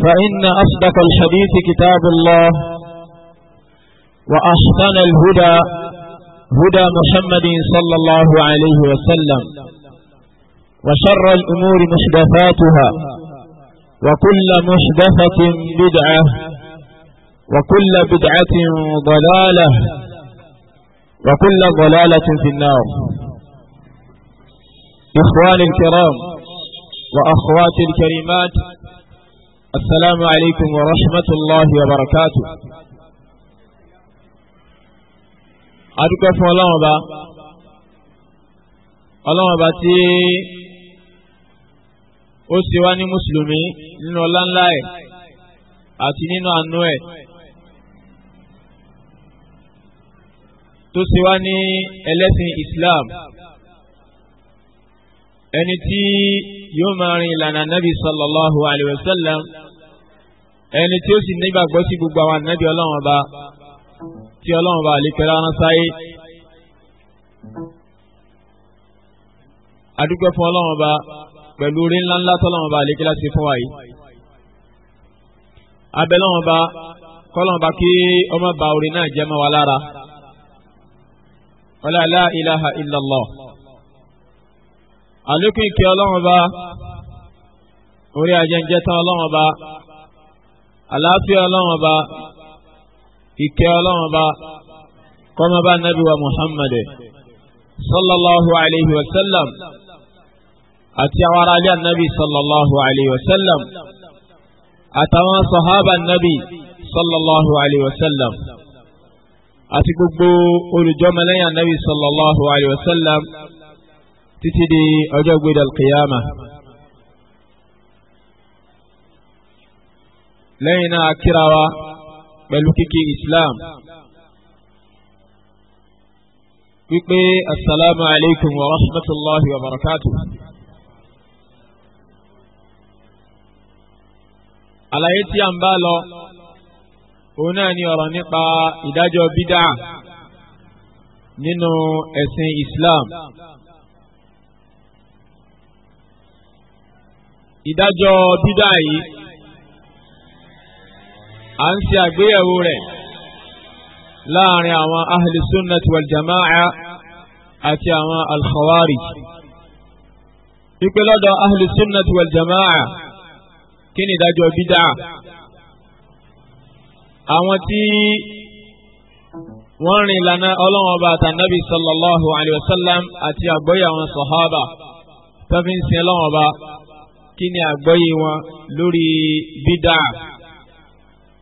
فإن أصدق الحديث كتاب الله وأحسن الهدى هدى محمد صلى الله عليه وسلم وشر الأمور محدثاتها وكل محدثة بدعة وكل بدعة ضلالة وكل ضلالة في النار إخواني الكرام وأخواتي الكريمات السلام عليكم ورحمة الله وبركاته adúpẹ́ fún ọlọ́run ọba ọlọ́run ọba tí ó ṣe wá ní mùsùlùmí nínú ọláńlá ẹ̀ àti nínú àánú ẹ̀ tó ṣe wá ní ẹlẹ́sìn Islam ẹni tí yóò máa rin ìlànà nabi sallallahu alayhi wa sallam ẹni tí ó sì nígbàgbọ́ sí gbogbo àwọn ànábì ọlọ́run ọba tí ọlọ́run ọba àlékẹ́ rán sáyé. adúgbò fún ọlọ́run ọba pẹ̀lú orí ńláńlá tọ́lọ́run ọba àlékẹ́ láti fún wa yìí. abẹ́lọ́run ọba kọ́lọ́run ọba kí ọmọ bá orí náà jẹ́ mọ́ wa lára. wala la ilaha illallah. àlékún ìkẹ́ ọlọ́run ọba orí ajẹ́njẹ́ tán ọlọ́run ọba àlàáfíà ọlọ́run ọba ìkẹ́ ọlọ́run ọba kọ́mọba nabi wa muhammad sallallahu alayhi wa sallam àti àwọn aráàlú nabi sallallahu alayhi wa sallam àtàwọn sahaba nabi sallallahu alayhi wa sallam àti gbogbo olùjọ́mọlẹ́yìn nabi sallallahu alayhi wa sallam títí di ọjọ́ gbẹdẹ alqiyama. lẹ́yìn náà kíra wa pẹ̀lú kíkí islam wípé asalaamu alaykum wa rahmatulahi wa barakatu. àlàyé tí a ń bá lọ òun náà ni ọ̀rọ̀ nípa ìdájọ́ bídà nínú ẹ̀sìn islam. ìdájọ́ bídà yìí à ń ṣe àgbéyẹ̀wò rẹ̀ láàrin àwọn ahli sunnati wal jama'a àti àwọn al-khawarij ìpè lọ́dọ̀ ahli sunnati wal jama'a kí ni ìdájọ́ bídà àwọn tí wọ́n rìn lànà ọlọ́wọ́n bá tànàbí sallallahu alayhi wa sallam àti àgbọ́yé àwọn sọ̀hábà tó fi ń sin ọlọ́wọ́n bá kí ni àgbọ́yé wọn lórí bídà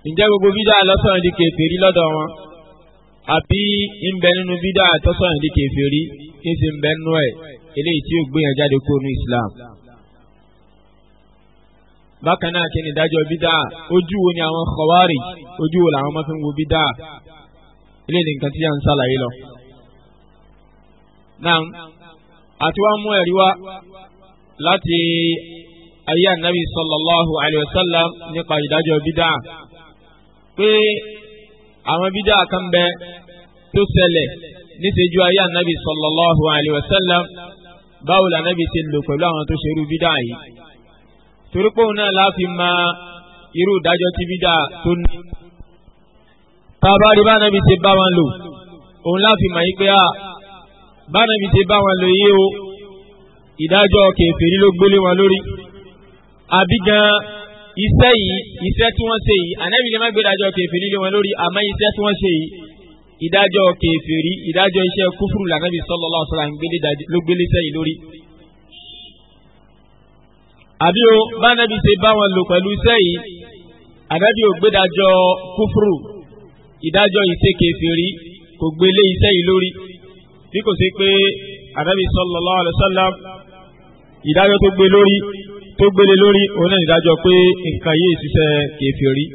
ǹjẹ́ gbogbo bídà lọ́sọ̀rọ̀ di kèfèrí lọ́dọ̀ wọn àbí ń bẹ nínú bídà tọ́sọ̀rọ̀ di kèfèrí kí n sì ń nínú ẹ̀ eléyìí tí ó gbé jáde kó nu Islam. bákan náà kí ni ìdájọ́ bídà ojú wo ni àwọn kọ̀wárì ojú wo làwọn máa fi ń wo bídà eléyìí nǹkan tí yà ń sàlàyé lọ. náà àti wàá mú ẹ̀rí wá láti ayé ànábì sallallahu alayhi wa sallam nípa ìdájọ́ bídà pé àwọn bídà kan bẹ tó ṣẹlẹ̀ níṣẹ́jú ayé ànábì sallallahu alayhi wa sallam báwo la ànábì ṣe lò pẹ̀lú àwọn tó ṣe irú bídà yìí torí pé òun náà láàfin máa irú ìdájọ́ tí bídà tó ní. tábàárí bá ànábì bá wọn lò òun láàfin máa yí pé à bá ànábì bá wọn lò yé o ìdájọ́ kèfèrí ló gbélé wọn lórí àbí gan-an iṣẹ́ yìí iṣẹ́ tí wọ́n ṣe yìí ànábì lè má gbé ìdájọ́ kèfèrí lé wọn lórí àmọ́ iṣẹ́ tí wọ́n ṣe yìí ìdájọ́ kèfèrí ìdájọ́ iṣẹ́ kúfùrù lànàbì sallallahu alaihi wasallam ló gbélé sẹ́yìn lórí. àbí o bánàbì ṣe bá wọn lò pẹ̀lú iṣẹ́ yìí ànábì ò gbédájọ́ kúfùrù ìdájọ́ iṣẹ́ kèfèrí kò gbélé iṣẹ́ yìí lórí bí kò sí pé ànábì sallallahu alaihi wasallam ìdájọ́ tó gbé lórí tó gbélé lórí òun náà nídájọ́ pé nǹkan yìí ṣiṣẹ́ kèfèrí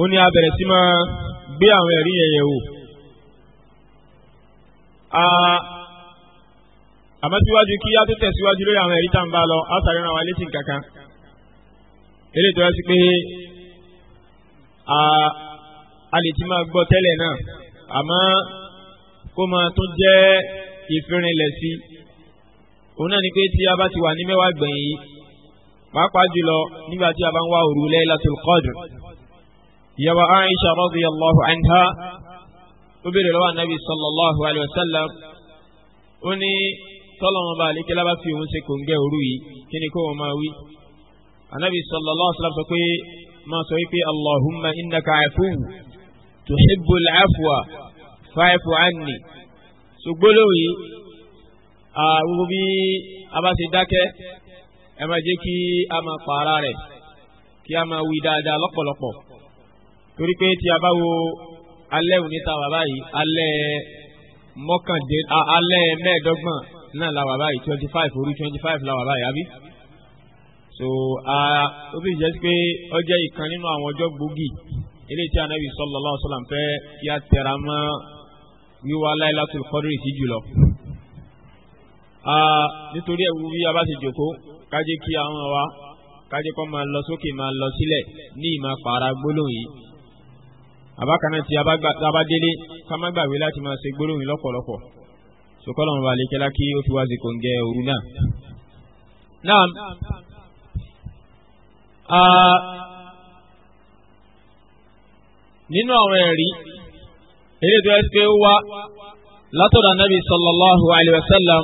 ó ní abẹ̀rẹ̀ sí máa gbé àwọn ẹ̀rí yẹn yẹ̀ wò àmọ́ síwájú kí á tó tẹ̀síwájú lórí àwọn ẹ̀rí tá ń bá lọ á sáré ran wa létí kankan eléyìí tó sí pé a lè ti máa gbọ́ tẹ́lẹ̀ náà àmọ́ kó máa tún jẹ́ ìfirinlẹ̀ sí i òun náà ni pé tí a bá ti wà ní mẹ́wàá gbẹ̀yìn yìí pàápàá jùlọ nígbà tí a bá ń wá òru Laylatul Qadr ìyàwó Aisha radiyallahu anha ó béèrè lọ́wọ́ anabi sallallahu alayhi wa sallam ó ní tọ́lọ́mọ bá àlékè lábá fi òun ṣe kòǹgẹ́ òru yìí kí ni kó wọn máa wí. anabi sallallahu alayhi wa sallam sọ pé máa sọ wípé allahumma innaka afuw tuhibbul afwa fa'fu anni. sùgbọ́n lóyìí gbogbo bí a bá ṣe dákẹ́ ẹ máa jẹ́ kí a máa pààrà rẹ̀ kí a máa wí dáadáa lọ́pọ̀lọpọ̀ torí pé tí a bá wo alẹ́ òní ta wà báyìí alẹ́ mọ́kàndín alẹ́ mẹ́ẹ̀ẹ́dọ́gbọ̀n náà la wà báyìí twenty five orí twenty five la wà báyìí àbí so ó fi jẹ́ pé ó jẹ́ ìkan nínú àwọn ọjọ́ gbòógì eléyìí tí anabi sallallahu alaihi wasallam fẹ́ kí a tẹra mọ́ wíwá láìlátul kọ́dírì sí jùlọ nítorí ẹ̀wù bí a bá ti jòkó kájé kí àwọn wa kájé kọ́ máa lọ sókè máa lọ sílẹ̀ ní ìmọ̀ pààrà gbólóhùn yìí àbákanáà tí a bá délé ká má gbàgbé láti máa ṣe gbólóhùn lọ́pọ̀lọpọ̀ sọkọ́lọ̀ wọn balẹ̀ kẹ́lá kí ó fi wá zikò ń gẹ òru náà. náà nínú àwọn ẹ̀rí eré tó ẹ́ pé ó wá látọ̀dọ̀ anábì sallallahu alayhi wa sallam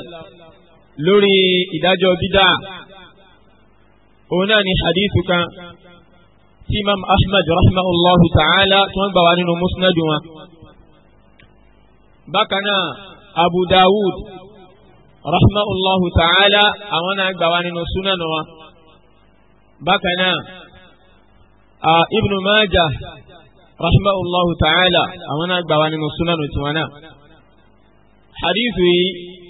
lórí ìdájọ́ bídà òun náà ni hadithu kan tí imam ahmad rahimahullahu ta'ala tí wọ́n gbà wá nínú musnad wọn. bákan náà abu dawud rahimahullahu ta'ala àwọn náà gbà wá nínú sunan wọn. bákan náà ibn majah rahimahullahu ta'ala àwọn náà gbà wá nínú sunan tiwọn náà. hadithu yìí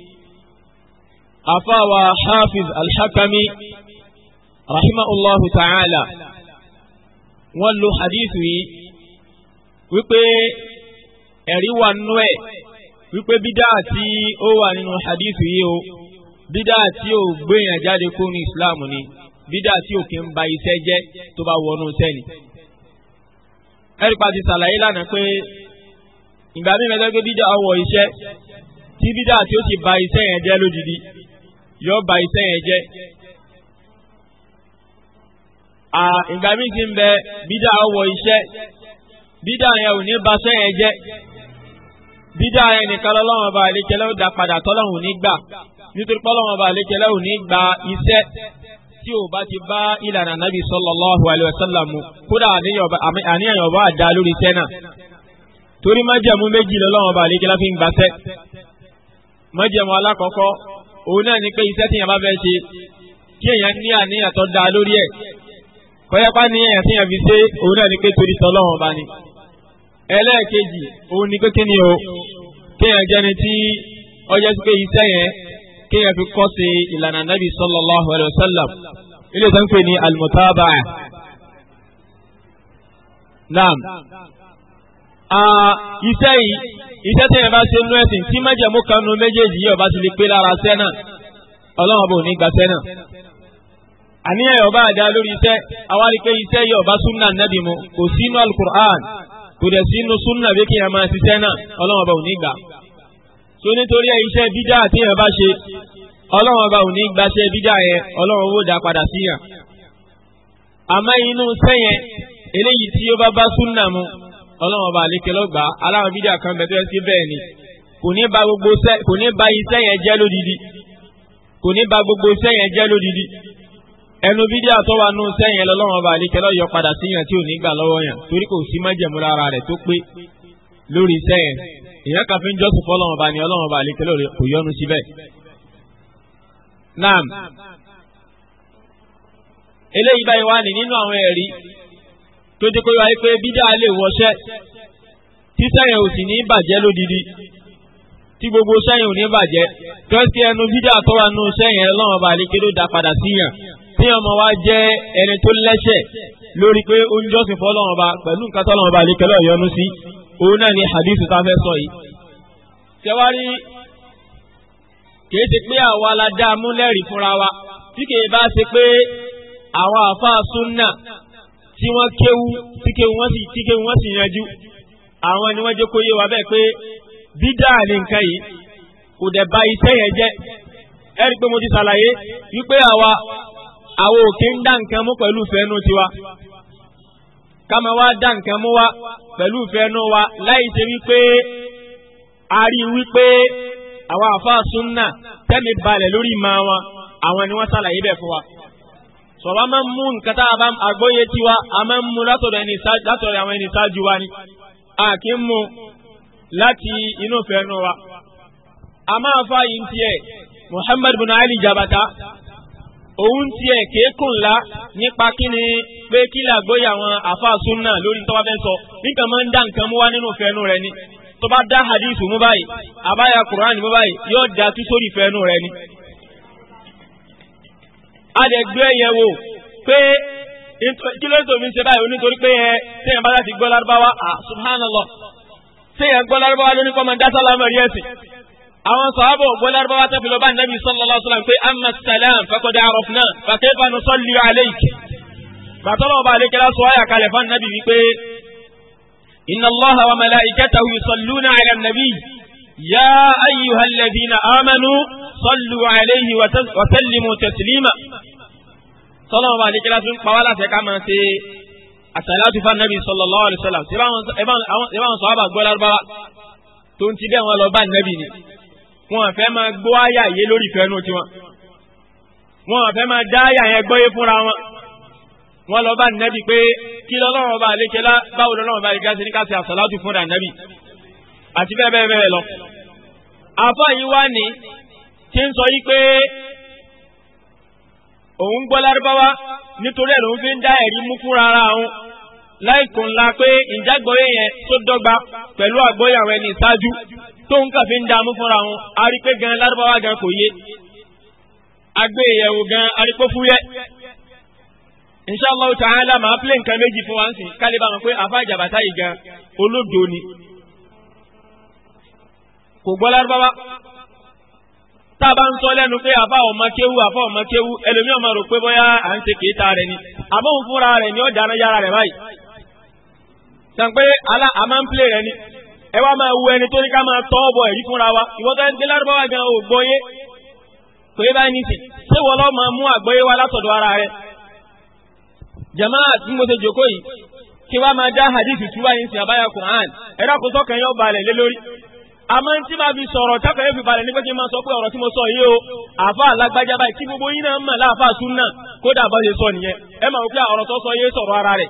afáwa hafiz alhakami rahimahullahu ta'ala wọ́n lo hadith yìí wípé ẹ̀rí wà nú ẹ̀ wípé bídá tí ó wà nínú hadith yìí o bídá tí ó gbéyàn jáde kó ní islam ni bídá tí ò kí ń ba iṣẹ́ jẹ́ tó bá wọnú sẹ́ni. ẹ̀rí pàti sàlàyé lánàá pé ìgbà mímẹ́lẹ́gbẹ́ bídá ọwọ́ iṣẹ́ tí bídá tí ó ti ba iṣẹ́ yẹn jẹ́ lódìdí yóò ba iṣẹ́ yẹn jẹ́. ìgbà míì ti ń bẹ bídà wọ iṣẹ́ bídà yẹn ò ní ba iṣẹ́ yẹn jẹ́ bídà yẹn nìkan lọ́wọ́ ọba àlékelẹ́ ó dá padà tọ́lọ́hùn nígbà nítorí pọ́lọ́wọ́ ọba àlékelẹ́ ò ní gba iṣẹ́ tí o bá ti bá ìlànà nàbì sallallahu alaihi wasallam kódà àníyàn ọba àdá lórí iṣẹ́ náà torí májẹ̀mú méjì lọ́wọ́ ọba àlékelẹ́ fi ń gbaṣẹ́ májẹ̀mú alákọ̀ọ́kọ́ òun náà ni pé iṣẹ́ tí èèyàn bá fẹ́ ṣe kí èèyàn ní àníyàn tó dáa lórí ẹ̀ kọ́yápá ní èèyàn tí èèyàn fi ṣe òun náà ni pé torí tọ́lọ́run ọba ni. ẹlẹ́ẹ̀kejì òun ni pé kí ni o kéèyàn jẹ́ni tí ọjọ́ sí pé iṣẹ́ yẹn kéèyàn fi kọ́ sí ìlànà nàbì sallallahu alaihi wasallam ilé ìtàn pè ní almutaba. naam iṣẹ́ yìí iṣẹ́ tí yẹn bá ṣe nú ẹ̀sìn tí májẹ̀mú kan nu méjèèjì yìí ọba ti lè pé lára sẹ́nà ọlọ́run bò ní gba sẹ́nà. àníyàn yóò bá àdá lórí iṣẹ́ àwa rí pé iṣẹ́ yìí ọba súnà nàbì mu kò sínú alukur'an kò dẹ̀ sínú súnà bí kí yẹn máa ṣiṣẹ́ náà ọlọ́run bò ní gbà. tó nítorí ẹ iṣẹ́ bídà tí yẹn bá ṣe ọlọ́run bò ní gba ṣe bídà yẹn ọlọ́run ọlọ́run ọba àlékẹ́ lọ́gbà aláwọn bídíà kan bẹ̀ tó yẹ sí bẹ́ẹ̀ ni kò ní ba gbogbo sẹ́ kò ní ba iṣẹ́ yẹn jẹ́ lódìdí kò ní ba gbogbo iṣẹ́ yẹn jẹ́ lódìdí ẹnu bídíà tó wà nù sẹ́ yẹn lọ́lọ́run ọba àlékẹ́ lọ́yọ̀ padà sí yẹn tí ò ní gbà lọ́wọ́ yẹn torí kò sí májẹ̀mú lára rẹ̀ tó pé lórí iṣẹ́ yẹn èèyàn kan fi ń jọ́sìn fún ọlọ́run ọba ni ọlọ́run ọba àlékẹ́ lọ́rẹ̀ kò yọnu síbẹ̀ naam eléyìí báyìí wá ní nínú àwọn ẹ̀rí tó jẹ́ pé wáyé pé bídà lè wọṣẹ́ tí sẹ́yìn ò sì ní bàjẹ́ lódìdí tí gbogbo sẹ́yìn ò ní bàjẹ́ tó ti ẹnu bídà tó wà nù sẹ́yìn ẹ lọ́wọ́ bá lè kéde dá padà síyàn tí ọmọ wa jẹ́ ẹni tó lẹ́sẹ̀ lórí pé ó ń jọ́sìn pẹ̀lú nǹkan tó lọ́wọ́ bá lè sí òun náà ni hadith tá a fẹ́ sọ yìí. ṣẹ́wárí kìí ṣe pé àwa la dá a mú lẹ́rìí fúnra wa tí kìí bá ṣe pé àwọn àfáà tí wọ́n kéwú tí kéwú wọ́n sì tí kéwú wọ́n sì yanjú àwọn ni wọ́n jẹ́ kó yé wa bẹ́ẹ̀ pé bídà ní nǹkan yìí kò dẹ̀ ba iṣẹ́ yẹn jẹ́ ẹ pé mo ti ṣàlàyé wípé àwa àwa ò ń dá nǹkan mú pẹ̀lú fẹ́nu tiwa ká máa wá dá nǹkan mú wa pẹ̀lú fẹ́nu wa láì ṣe wípé a rí wípé àwọn àfa sunna tẹ́mi balẹ̀ lórí ìmọ̀ wọn àwọn ni wọ́n ṣàlàyé bẹ́ẹ̀ fún wa sọ̀rọ̀ a máa ń mú nǹkan tá a bá àgbóyé tiwa a máa ń mú látọ̀dọ̀ àwọn ẹni ṣáájú wa ni a kì í mú láti inú fẹ́ẹ́nu wa. a máa fa yìí tiẹ̀ Muhammad bin Ali Jabata òun tiẹ̀ kéékùn ńlá nípa kí ni pé kí làgbóyè àwọn àfàsùn náà lórí tó bá fẹ́ sọ nǹkan máa ń dá nǹkan mú wá nínú fẹ́ẹ́nu rẹ ni tó bá dá hadith mú báyìí àbáyà Qur'an mú báyìí yóò dá tú sórí fẹ́ẹ́nu rẹ ni a lè gbé yẹn wò pé kí ló tó fi ń ṣe báyìí onítorí pé ẹ téèyàn bá láti gbọ́ lárúbáwá à subhanallah téèyàn gbọ́ lárúbáwá lóní kọ́ máa ń dá rí ẹ̀sìn àwọn sàábọ̀ gbọ́ lárúbáwá tẹ́ fi bá nàbí sallallahu alaihi wasallam pé amma salam faqad arafna fa kayfa nusalli alayka bàtọ́lọ́ ọba àlékẹ́lá sọlọ́wọ́n bá àdékẹ́lá tún pa wá láti ká máa ṣe àtàlátù fanabi sallallahu alaihi wasallam ṣé báwọn sọ àbà gbọ́ lárúbáwá tó ń ti bẹ́ẹ̀ wọn lọ bá nàbì ni wọn fẹ́ máa gbọ́ àyà yé lórí ìfẹ́nu tiwọn wọn fẹ́ máa dá àyà yẹn gbọ́yé fúnra wọn wọn lọ bá nàbì pé kí lọ́lọ́wọ́n bá àdékẹ́lá báwo lọ́lọ́wọ́n bá àdékẹ́lá ṣe ní ká ṣe àtàlátù fúnra nàbì àti bẹ́ẹ̀ bẹ́ẹ̀ bẹ́ẹ̀ lọ. àfọ yìí wá ní tí ń sọ yí pé òun gbọ́ lárúbáwá nítorí ẹ̀ lòun fi ń dá ẹ̀rí mú fúnra ara òun láìkò ńlá pé ìjágbọ́yé yẹn tó dọ́gba pẹ̀lú àgbọ́yé àwọn ẹni ìṣáájú tó ń kàfi ń dààmú fúnra òun a rí pé gan lárúbáwá gan kò yé agbéyẹ̀wò gan arípófúyẹ́ inshallah ta'ala máa plé nǹkan méjì fún wa ń sìn kálí bá wọn pé àfa ìjàbátá yìí gan olódo ni kò gbọ́ lárúbáwá tá a bá ń sọ lẹ́nu pé àfa ọmọ kéwu àfa ọmọ kéwu ẹlòmíràn máa rò pé bóyá à ń ṣe kéta rẹ̀ ni a òun fúnra rẹ̀ ni ó dáná yára rẹ̀ báyìí. sàn pé alá àmọ́ ń plé rẹ̀ ni ẹ wá máa wo ẹni tó ká máa tọ́ ọ̀bọ̀ ẹ̀rí fúnra wa ìwọ́n tó ń gbé lárúbáwá gan ò gbọ́yé kò yé báyìí ṣé wọ́n lọ́ máa mú wa látọ̀dọ̀ ara kí máa dá hadith àmọ́ tí bá fi sọ̀rọ̀ tákàlẹ́ fi balẹ̀ ní pé máa sọ pé ọ̀rọ̀ o àfa alágbájá báyìí gbogbo mọ̀ bá ṣe sọ nìyẹn ẹ máa ọ̀rọ̀ tó sọ yé sọ̀rọ̀ ara rẹ̀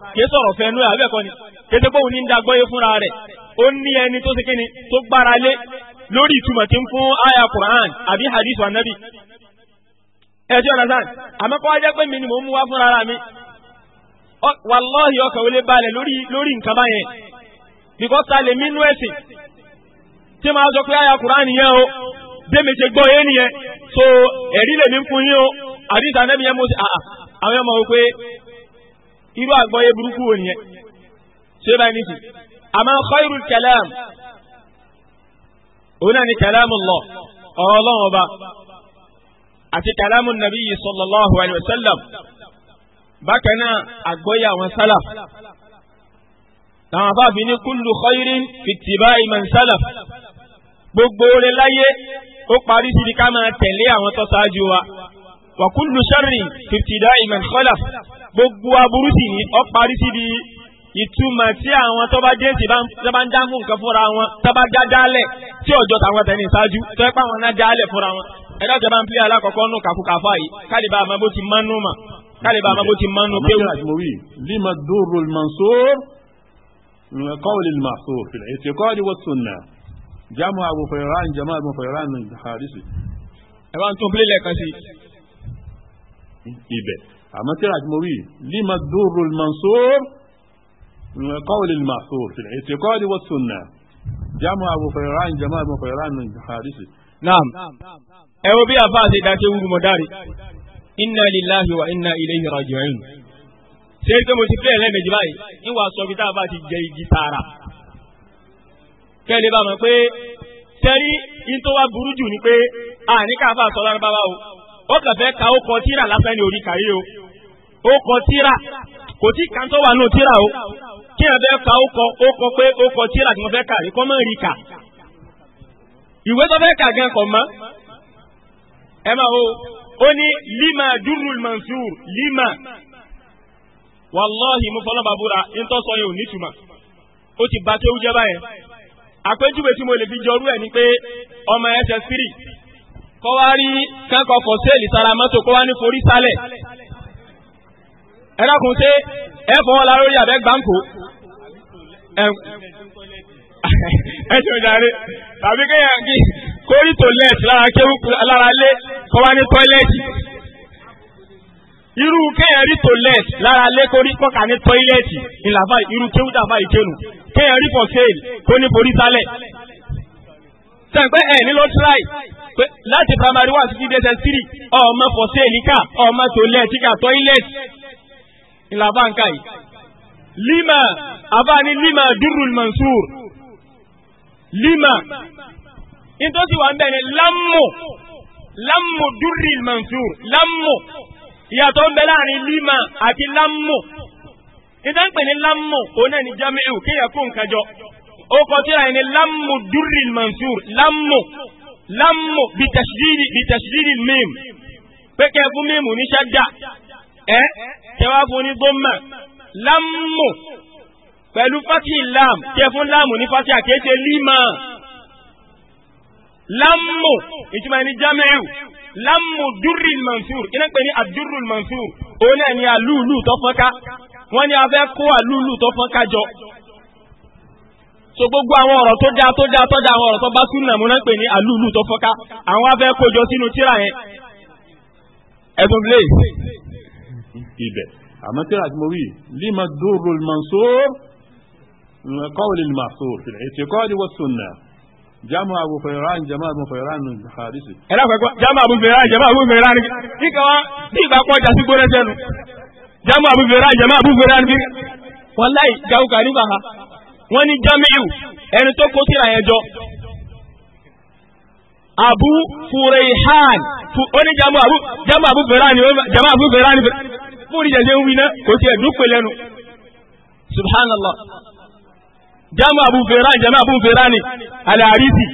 ni kété pé òun ní ń da gbọ́yé fúnra rẹ̀ ó ní ni tó gbára lé lórí ìtumọ̀ fún àyà Qur'an àbí hadith Anabi. ẹ ti ọ̀nà sáà àmọ́ kọ́ pé mi ni mò ń mú wá fúnra ara mi ò tí máa sọ pé àyà kùránì yẹn o bẹ́ẹ̀ gbọ́ yé nìyẹn so ẹ̀rí lèmi fún yín o àdìsá nẹ́bi yẹn mo ṣe àà àwọn ọmọ wò pé irú àgbọ́yé burúkú wò nìyẹn ṣé báyìí nìyí àmọ́ khairul kalam òun náà ni kalamullah ọ̀rọ̀ ọlọ́run ọba àti kàlámù nàbíyí sallallahu alayhi wa sallam bákan náà àgbọ́yé àwọn sálàf táwọn afáàfin ní kullu khairin fi ittiba'i man gbogbo oore láyé ó parí síbi ká máa tẹ̀lé àwọn tó ṣáájú wa wa kullu sharrin fìtìdá ìmọ̀ khalaf gbogbo aburú sì ní ó parí síbi ìtumọ̀ tí àwọn tó bá dé sí bá ń dáhùn nǹkan fúnra wọn tó bá dá dálẹ̀ tí ọjọ́ tàwọn tẹ̀lé ìṣáájú tó ẹ pa àwọn náà dálẹ̀ fúnra wọn ẹ̀dá ìjọba ń pílẹ̀ alákọ̀ọ́kọ́ nù kàkúkàfà yìí kálíbà àmọ́ bó ti mánú mà kálíbà àmọ́ bó ti mánú kéwù. lima dúró mansur jamu abu fayran jama abu fayran harisi. ẹ bá ń tún pílẹ̀ lẹ́ẹ̀kan sí. ibẹ̀ àmọ́ tí a ti mọ̀ wí lima dúró mansour kọ́wìlì mansour ti kọ́wìlì wọ́n sunna jamu abu fayran jama abu fayran harisi. naam ẹ wo bí afa àti ìdájọ́ wúru mọ̀ dáre inna lillahi wa inna ilayhi raji'un. ṣé pé mo ti pílẹ̀ lẹ́ẹ̀mejì báyìí ń wàá sọ bí tá a bá ti jẹ igi tààrà kẹ́lẹ́ bá mọ̀ pé sẹ́rí in tó wá burú jù ni pé a ní káfà sọ lárúbáwá o ó kàn fẹ́ ka ó kọ tíra lásán ní orí kàrí o ó kọ tíra kò tí kan tó wà nù tíra o kí ẹ fẹ́ ka ó kọ ó kọ pé ó kọ tíra tí mo fẹ́ kà kọ́ mọ́ rí kà ìwé tó fẹ́ kà gan kọ̀ mọ́ ẹ máa wo ó ní lima durul mansur lima wàláhi mo fọlọ́ bàbúrà ń tọ́ sọ yẹn ò nítumọ̀ ó ti ba tó jẹ́ báyẹn àpéjúwe tí mo lè fi jọrú ẹ̀ ni pé ọmọ ss3 kọ́ wá rí kẹ́kọ̀ọ́ for sale sára mọ́tò kọ́ wá ní forí sálẹ̀ ẹ dákun ṣe ẹ fọwọ́ la lórí àbẹ́ gbáǹkó ẹ ṣe òjàre tàbí kéèyàn kí kórìtò lẹ́ẹ̀tì lára kéwù lára lé kọ́ wá ní tọ́ílẹ̀tì irú kéèyàn rí toilet lára lé kórí kọ́ka ní tọ́ílẹ̀tì ìlàfà irú kéwú dàfà ìkénu kéèyàn rí for sale kó ní borí sálẹ̀. sẹ́ǹpẹ́ ẹ̀ ní lọ try pé láti primary one sí dss three ọmọ for sale ká ọmọ toilet ká tọ́ílẹ̀tì ìlàfà nǹka yìí. lima abani lima durul Mansour. lima nítorí wà ń bẹ̀rẹ̀ lámù lámù durul Mansour, lámù ìyàtọ̀ ń bẹ láàrin lima àti lámù ìdánpè ní lámù òun náà ní jamiu kéèyàn kó nǹkan jọ ó kọ síra ẹni lámù dúrì mansur lámù lámù bitashdidi bitashdidi mim pé kẹ́ fún mímu ní ṣájà ẹ kẹwàá fún ní gbọ́mà lámù pẹ̀lú fati lam kẹ́ fún lámù ní fati àkéṣe lima lámù ìtumọ̀ ẹni jamiu lámù dúrì mansur Ina pè ní mansur òun náà ni àlúùlù tó fọ́nká wọ́n ní a fẹ́ kó àlúùlù tó fọ́nká jọ so gbogbo àwọn ọ̀rọ̀ tó dáa tó dáa tó dáa àwọn ọ̀rọ̀ tó bá súnà mú náà pè ní àlúùlù tó fọ́nká àwọn afẹ́ kójọ sínú tíra yẹn ẹ̀sùn blé ibẹ̀ àmọ́ tíra tí mo wí lima dúrù mansur kọ́wé lè máa sọ òfin ètò ìkọ́ni wọ́n súnà jamu abu fẹ̀rán jama abu fẹ̀rán nù hadisi. ẹ lọ́kọ̀ ẹ̀kọ́ abu fẹ̀rán jama abu fẹ̀rán ni kíkà wá bí ìgbà kọ́ jásí gbóná jẹ́nu abu jama abu ha wọn jamiu ẹni tó kó síra abu fureihan ó ní jamu abu jamu abu fẹ̀rán jama abu fẹ̀rán jamu abu ferani jama abu ferani alarisi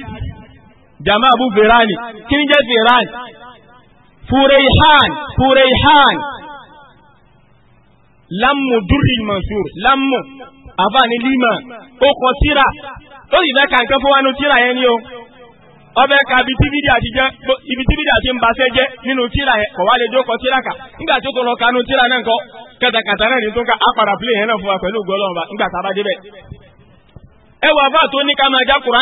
jama abu ferani kí ni jẹ́ ferani fureihan fureihan lamu durri mansur lamu afaani lima ó kọ tírà ó sì fẹ́ kàǹkan fún wa nu tírà yẹn ni o ọbẹ̀ ka ibi tí fídíà ti jẹ́ ibi tí fídíà ti ń basẹ́ jẹ́ nínú tírà yẹn kọ̀ wá lè jókòó tírà kà nígbà tó tó lọ kanú tírà náà kọ́ kẹtàkàtà náà ní tó ka akpara pílẹ̀ yẹn náà fún wa pẹ̀lú gbọ́lọ́ọ̀ba nígbà tá a bá débẹ̀. ẹ wà bá tó ní ká máa já bọ̀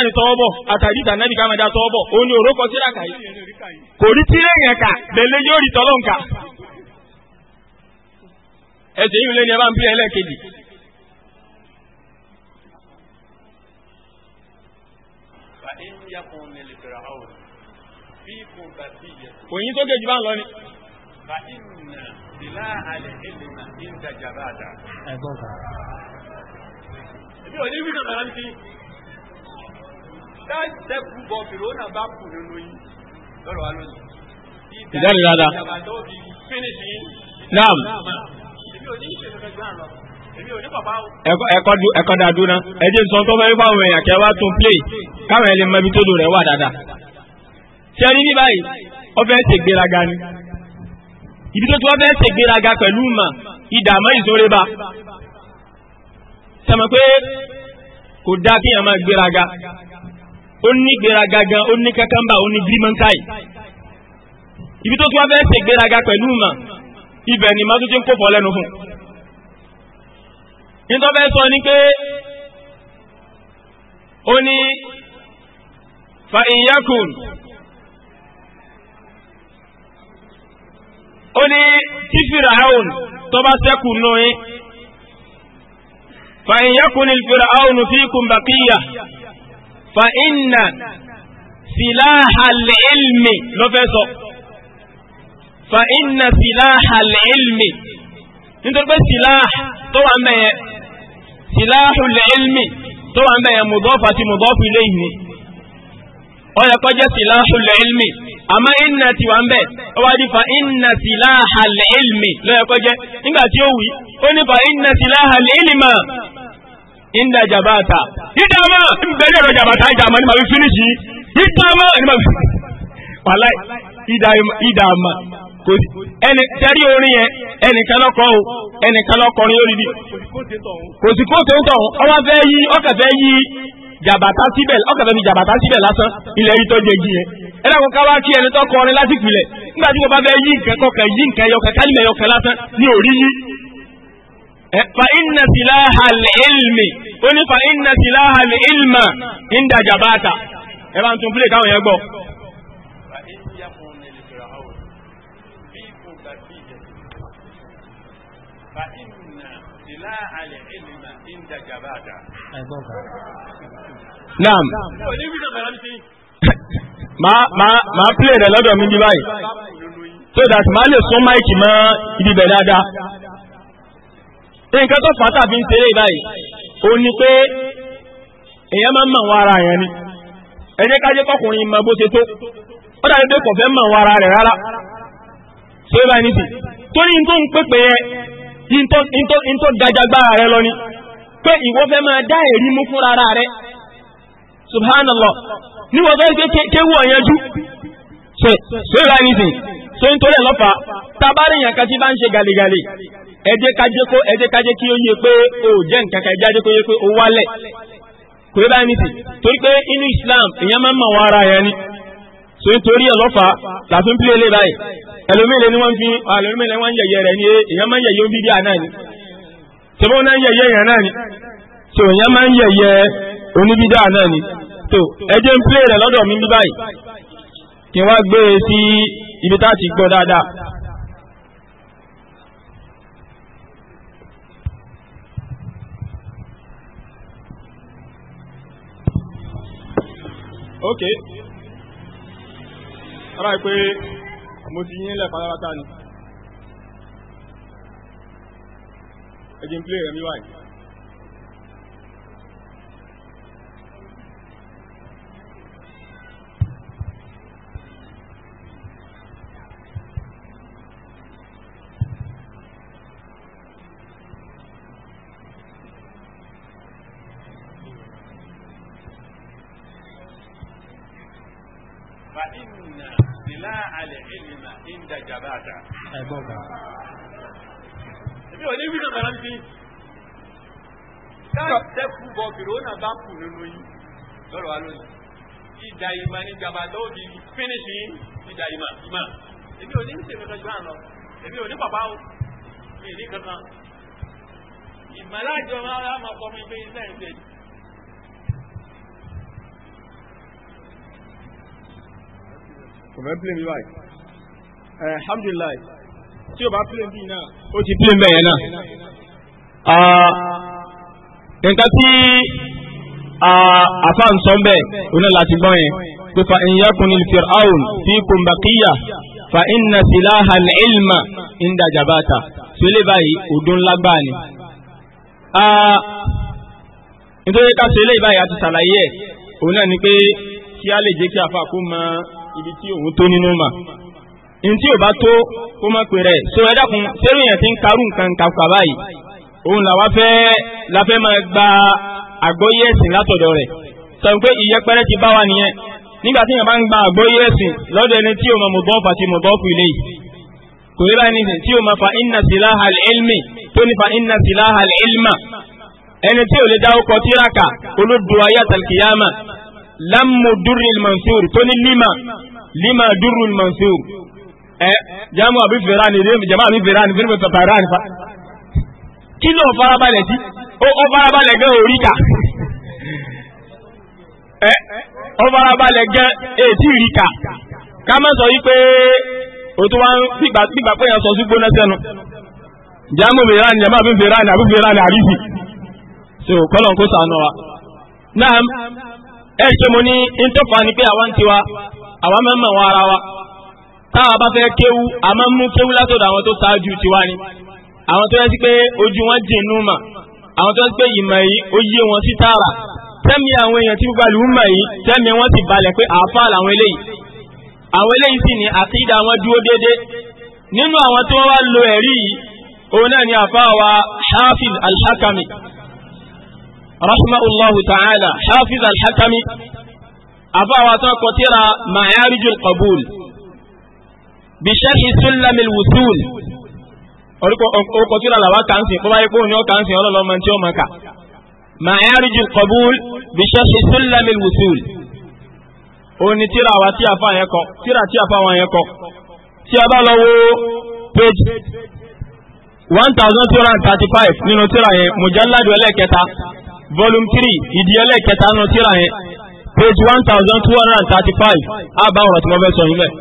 àtàdí tànàbí ká máa bọ̀ òun ni òrókọ síra kà yìí kò rí tílé yẹn kà lẹ́lẹ́ yóò rí tọ́lọ́ nǹka. ẹsẹ̀ yìí lé ní ẹ bá ń bí ẹlẹ́ẹ̀kejì. kò tó kejì bá ń lọ ni. ẹ̀gbọ́n kan èmi ò ní wí náà máa ń kí. dáìsẹ́ kú bọ̀ fèrè ó náà bá kù nínú yìí lọ́rọ̀ wa lónìí. ìjáde dáadáa. naam. èmi ò ní ìṣèlú kẹgbẹ́ àná ẹkọ da dúró náà ẹjẹ nsọ tó fẹẹ fáwọn èèyàn kẹ wá tún play káwọn ẹlẹ mọbi tó do rẹ wà dáadáa. sẹ́ni ní báyìí wọ́n fẹ́ ṣègbéraga ni ibi tó ti wọ́n fẹ́ ṣègbéraga pẹ̀lú mà ìdààmú ìsóreba sẹ́mọ̀ pé kò dá kí èèyàn máa gbéraga ó ní gbéraga gan ó ní kankanba ó ní gírímọ́ntáì ibi tó tún wá fẹ́ẹ́ ṣe gbéraga pẹ̀lú mà ibẹ̀ ni màtún ti ń kó fọ́ lẹ́nu fún nítorí fẹ́ sọ ni pé ó ní fa ìyẹ́kùn ó ní tífìrà ẹ̀hùn tó bá sẹ́kù náà فإن يكن الفرعون فيكم بقية فإن سلاح العلم لفظه فإن سلاح العلم nítorí pé silah tó wà mẹ́yẹ silahul ilmi tó wà mẹ́yẹ mudaf àti mudaf ilayhi ni ó yẹ kó jẹ́ silahul ilmi àmọ́ inna ti wà ń bẹ̀ ó wá di fa inna silahal ilmi ló yẹ kó jẹ́ nígbà tí ó wí ó ní fa inna silahal ilma inda jabata idama in bẹ̀rẹ̀ ọ̀rọ̀ jabata idama ni ma fi finisi idama ni ma fi wàláì idama kò sí ẹni tẹ́rí orin yẹn ẹnìkan lọ́kọ́ o ẹnìkan lọ́kọrin yóò rí bí kò sí kóòtù o tọ̀hún ọwọ́ fẹ́ o ọkẹ́ fẹ́ yí jabata síbẹ̀ ọkẹ́ fẹ́ mi jabata síbẹ̀ lásán ilẹ̀ yìí tọ́jú ẹgí yẹn ẹ̀rọ kò ká wá kí ẹni tó kọrin lásìkò ilẹ̀ nígbà tí mo bá fẹ́ yí nǹkan yo yí nǹkan ẹyọkàn kálímẹ̀ ẹyọkàn lásán ní òrí yí Eh, fa'inna silaha al'ilmi ó ní fa'inna silaha al'ilma inda jabata ẹba tún fílẹ̀ káwọn yẹn gbọ́ Naam. Ma ma ma play rẹ̀ lọ́dọ̀ mi bí báyìí. So that ma lè sún máìkì mọ́ ibi bẹ̀ dáadáa nǹkan tó fàtà fi ń ṣeré báyìí ó ní pé èèyàn máa ń mọ̀ wọn ara yẹn ni ẹ jẹ́ ká jẹ́ kọkùnrin mọ bó ṣe tó ó dàbí pé kò fẹ́ mọ̀ wọn ara rẹ̀ rárá ṣé báyìí nìsí tó ní tó ń pèpè yẹn gajagbára rẹ lọ ni pé ìwọ fẹ́ máa dá èrí mú fúnra rẹ subhanallah níwọ̀n tó ń pé kéwù ọ̀yẹ́jú ṣe ṣé báyìí nìsí ṣé nítorí ẹ̀ lọ́fà tabaríyàn kan ti bá ń ṣe gàlégàlé ẹ jẹ́ kó ẹ jẹ́ kí ó yé pé o jẹ́ nǹkan ebe ẹ kó yé pé o Islam èèyàn máa ń mọ ara yẹn ni so nítorí ẹ làfin pílẹ̀ lé báyìí ẹlòmílẹ̀ ni wọ́n fi ẹlòmílẹ̀ wọ́n rẹ̀ ni èèyàn máa ń yẹ̀yẹ̀ bíbí àná ni tẹ̀wọ́n náà ń yẹ̀yẹ̀ yẹn náà ni so èèyàn máa ń yẹ̀yẹ̀ oníbídà àná ni tó ẹ ń pílẹ̀ rẹ̀ lọ́dọ̀ mi e ibi tá a ti ok ọ̀rọ̀ ìpé mo ti yín lẹ̀ pátápátá ni ẹ̀jìn plé fa inna sílá alẹ̀ ìlìmà ń dàjà bá ta. ẹ̀gbọ́n kan. èmi ò ní wí kankan láti fi. káà tẹ́kù bọ fìrònà bá kù nínú yìí lọ́rọ̀ wa lónìí. ìdá ìmọ̀ ní gàbàdọ́ di fínísì ìdá ìmọ̀ ìmọ̀. èmi ò ní ní sèmi kankan lọ. èmi ò ní bàbá o. mi ò ní kankan. ìmọ̀lájọ máa ń máa kọ́ mi pé iṣẹ́ ìṣe kò fẹ́ play mi báyìí eh, alhamdulilayi tí o bá play mi náà ó ti play mi bẹ́ẹ̀ yẹn náà. Ah, nǹkan tí afa nsọ mbẹ oní láti gbọ́ yẹn pé fa ìyẹ́kùn ní fir'aun fi kùn bàkíyà fa inna silaha ilma inda jabata sílẹ̀ báyìí ọdún lágbàá ni. Ah, nítorí ká sílẹ̀ báyìí a ti ṣàlàyé ẹ̀ òun náà ni pé kí a lè jẹ́ kí afa kó máa ibi tí òun tó nínú mà ntí ò bá tó kó má pè rẹ̀ so ẹ dákun sẹ́rù yẹn ti ń karú nǹkan kàkà báyìí òun làwa fẹ́ la fẹ́ máa gba àgbọ́yé ẹ̀sìn látọ̀dọ̀ rẹ̀ sọ pé ìyẹpẹrẹ ti bá wa nìyẹn nígbà tí yẹn bá ń gba àgbọ́yé ẹ̀sìn lọ́dọ̀ ẹni tí ò mọ mọ̀dọ́ọ̀fù àti mọ̀dọ́ọ̀fù ilé yìí kò rí báyìí nìyẹn tí ò mọ fa inna silaha al-ilmi tó ní fa inna silaha al-ilma ẹni tí ò lè dá ọkọ̀ tíraka olódùn ayé àtàlùkìyàmà lámùdúrì tó ní lima lima durul mansur eh? jamu abi ferani jama abi ferani firimu tatarani fa kí ló farabalẹ̀ sí ó farabalẹ̀ gan orí ka ẹ ó farabalẹ̀ gan èsì rí ka ká má sọ yìí pé o tó wá ń gbígbà pé yẹn sọ sí gbóná sẹ́nu jamu ferani jamu abi ferani abi ferani àríṣì so kolon ń kó sànù wa náà ẹ mo ni pé àwa ń tiwa àwa máa ń mọ̀ wọn ara wa táwa bá fẹ́ kéwú a máa ń mú kéwú látọ̀dọ̀ àwọn tó ṣáájú tiwa ni àwọn tó yẹ sí pé ojú wọn jìnnú mà àwọn tó yẹ sí pé ìmọ̀ yìí ó yé wọn sí tààrà tẹ́mi àwọn èèyàn tí gbogbo àlùmọ̀ yìí tẹ́mi wọn ti balẹ̀ pé àáfàá làwọn eléyìí àwọn eléyìí sì ní àkídà wọn dúró déédéé nínú àwọn tí wá lo ẹ̀rí yìí òun náà ni àáfàá wa Hafiz al-Hakami ta'ala Hafiz al àfáwà tán kọ tíra ma'arijul qabul bí sharhi sulamil wusul orúkọ tíra làwọn kà ń sìn kó bá yẹ kó ní ọkà ń sìn ọlọ́lọ́mọ tí ó mọ̀ ká ma'arijul qabul bí sharhi sulamil wusul ó ní tíra wa tí àfáà yẹn kọ tíra tí àfáà yẹn kọ tí a bá lọ wo page one thousand two hundred and thirty-five nínú tíra yẹn mujalladu ẹlẹ́kẹta volume three ìdí ẹlẹ́kẹta nínú tíra yẹn page one thousand two hundred and thirty-five á bá ọ̀rọ̀ tí wọ́n fẹ́ sọ yìí lẹ̀.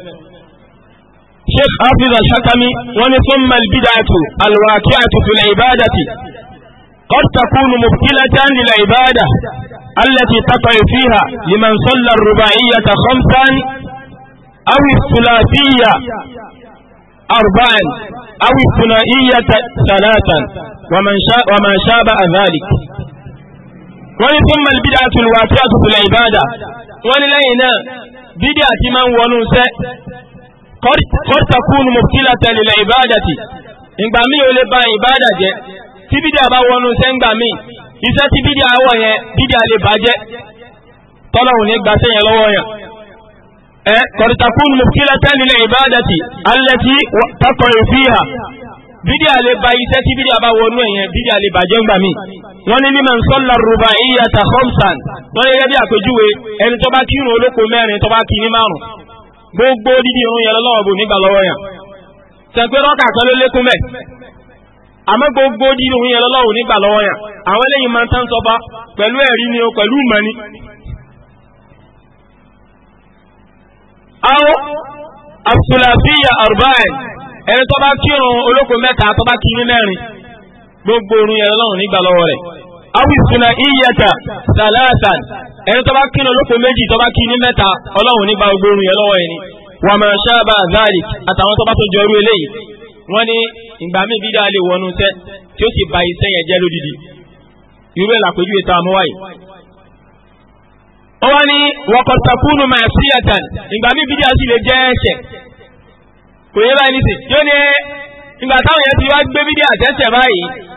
sheikh hafiz al-shakami wọ́n ní summa al-bid'atu al-waqi'atu fil ibadati qad takunu mubtilatan lil ibada التي تقع فيها لمن صلى الرباعية خمسا أو الثلاثية أربعا أو الثنائية ثلاثا ومن شاء وما شابه wọ́n ní fún malbida tulwa tí a tutula ìbáda wọ́n ní lẹ́yìn náà bídí àti máa ń wọnú sẹ́ kọ́tàkùn mọ̀kílà tẹ̀lẹ̀ ti ìgbà míì ó lè ba ìbáda jẹ́ tí bídí àbá wọnú sẹ́ ń gbà míì iṣẹ́ tí bídí àwọ̀ yẹn bídí àlè bàjẹ́ tọ́lọ́hùn ní gbàṣẹ́ yẹn lọ́wọ́ yẹn قد تكون مشكلة للعبادة التي تقع فيها بدي على بايسة بدي أبا ونوين بدي على باجنبا مي wọ́n ní liman salla rubaiyata khamsan wọ́n ní gẹ́gẹ́ bí àpèjúwe ẹni tó bá kírun olóko mẹ́rin tó bá kí ní márùn gbogbo dídí irun yẹn lọ́wọ́ bò nígbà lọ́wọ́ yàn sẹ́pẹ́ rọ́kà kan ló lékún mẹ́ àmọ́ gbogbo dídí irun yẹn lọ́wọ́ nígbà lọ́wọ́ yàn àwọn eléyìí máa ń tán sọba pẹ̀lú ẹ̀rí ni o pẹ̀lú ìmọ̀ àwọn asùlàfíà arba'in ẹni tó bá kírun olóko mẹ́ta tó bá kí mẹ́rin gbogbo orun yẹn lọ́rùn nígbà lọ́wọ́ rẹ̀ awisuna iyata salatan ẹni bá kí olóko méjì bá kí mẹ́ta ọlọ́run nígbà gbogbo orun yẹn lọ́wọ́ yẹn ni wà máa ṣáàbà zalik àtàwọn tó bá tó jọ orú eléyìí wọ́n ba iṣẹ́ yẹn jẹ́ lódìdí irú ẹ̀ ní máa sí ìgbà sì lè jẹ́ ẹ̀ṣẹ̀ kò yẹ báyìí yóò ní ìgbà táwọn yẹn ti wá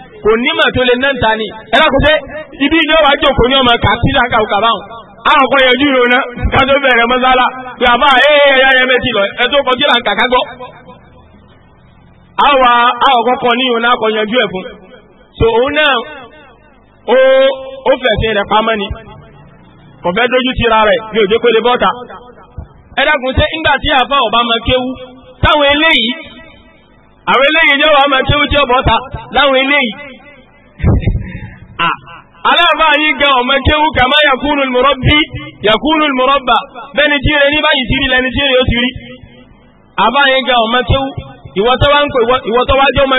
kò nímọ̀ tó lè náà ta ni ẹ lákòóso ibi ilé wa jòkó ní ọmọ kàtíra kàwùkà báwọn àwọn kọ yẹjú ìrònà kájọ bẹ̀rẹ̀ mọ́sálà pé àbá ẹ̀yà ẹ̀mẹ́ ti lọ ẹ̀ tó kọjú là ń kàkà gbọ. àwa àwọn kọ́kọ́ ní ìhun náà kọ so òun náà ó ó rẹ̀ pamọ́ ni kò fẹ́ dójú tira rẹ̀ bọ́ta. ńgbà tí àfa àwọn eléyìí ní ọwọ́ máa kéwú tí ó bọ́ta láwọn eléyìí ah, aláàbá yìí gan ọmọ kéwú kàmá yakúnul murabbi yakúnul murabba bẹ́ni jíire ní báyìí sí rí lẹni jíire ó ti rí àbá yìí gan ọmọ kéwú ìwọ́tọ́wájọ́ ọmọ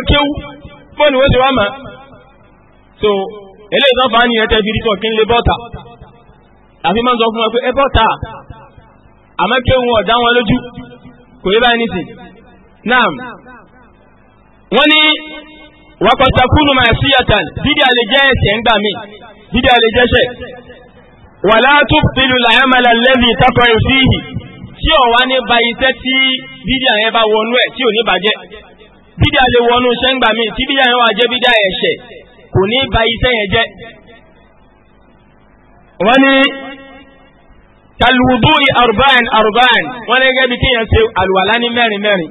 wọ́n ní wakọ̀takúnù máa sí yàtàn dídí àlejẹ́ ẹ̀sẹ̀ ń gbà mí dídí àlejẹ́sẹ̀ wà látú pẹ̀lú làyàmàlà lẹ́bí takọ̀ ìfíhì tí ò wá ní ba iṣẹ́ tí dídí àyẹ́ bá wọnú ẹ̀ tí ò ní bàjẹ́ dídí àlè wọnú iṣẹ́ ń gbà mí tí dídí àyẹ́ wà jẹ́ dídí àyẹ̀ṣẹ̀ kò ní ba iṣẹ́ yẹn jẹ́. wọ́n ní kalwudu arba'in arba'in wọ́n ní gẹ́gẹ́ bí kéèyàn ṣe àlùwàlá ní mẹ́rin mẹ́rin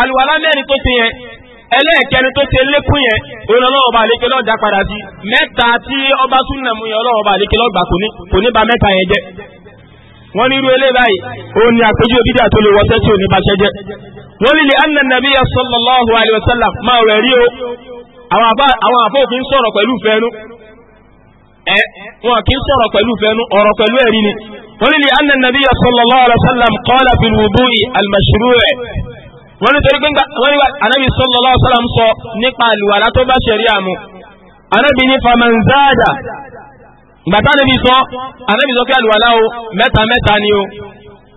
àlùwàlá mẹ́rin tó ṣe yẹn ẹlẹ́ẹ̀kẹrin tó ṣe lékún yẹn òun ọlọ́wọ́ bá lékè lọ́ọ́ dá padà sí mẹ́ta tí ọba súnà mú yẹn ọlọ́wọ́ bá lékè lọ́ọ́ gbà kò ní kò ní ba mẹ́ta yẹn jẹ́ wọ́n ní irú eléyìí báyìí òun ni àpéjú òbí dà tó lè wọ́sẹ́ tí ò ní baṣẹ́ jẹ́ wọ́n líle anna nabi sallallahu alayhi wa sallam máa rẹ̀ rí o àwọn àbá sọ̀rọ̀ pẹ̀lú fẹ́nu ẹ wọn kì í sọ̀rọ̀ pẹ̀lú fẹ́nu ọ̀rọ̀ pẹ̀lú ẹ̀rí ni wọ́n líle anna nabi sallallahu alayhi wa sallam qala fil wudu'i al-mashru' wọ́n ní torí gbẹ́ngà wọ́n ní anábì sallallahu alaihi wasallam sọ nípa àlùwàlá tó bá ṣẹ̀rí àmú anábì ní famanzada sọ sọ pé àlùwàlá o mẹ́ta mẹ́ta ni o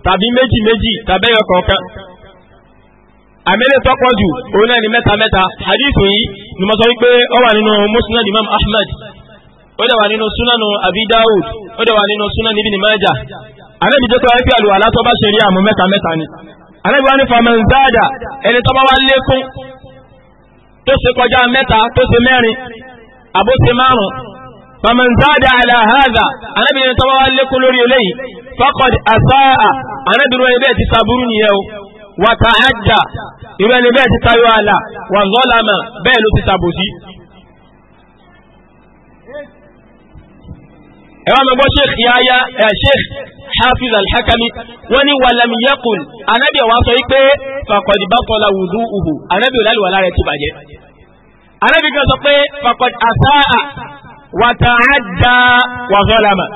tàbí méjì méjì tàbí ẹyọ kọ̀ọ̀kan àmẹ́lẹ̀ tọ́pọ̀ jù òun náà mẹ́ta mẹ́ta hadithu yìí ni mo sọ wípé ó wà nínú imam Ahmed. ó dẹ̀ wà nínú ó dẹ̀ wà nínú sunan bá àmú mẹ́ta mẹ́ta ni. anábìwá ní famanzada ẹni tó bá wá lékún tó ṣe kọjá mẹ́ta tó ṣe mẹ́rin àbó ṣe márùn famanzada ala hadha anábìwá ní tó bá wá lékún lórí eléyìí faqad asaa anábìwá ní bẹ́ẹ̀ ti sàbúrú nìyẹn o wa ta'adda irú ẹni bẹ́ẹ̀ ti tayọ àlà wa zalama bẹ́ẹ̀ ló ti sàbòsí. ẹ̀wọ́n mi gbọ́ sheikh yaya sheikh hafiz alhakami wọ́n ní wàlámi yakun anabi wa sọ wípé fàkọ̀dì bá tọ́lá wùdú uhu anabi ò lálùwàlá rẹ̀ ti bàjẹ́ anabi kan sọ pé fàkọ̀dì àsáà wàtàádà wàzọ́làmà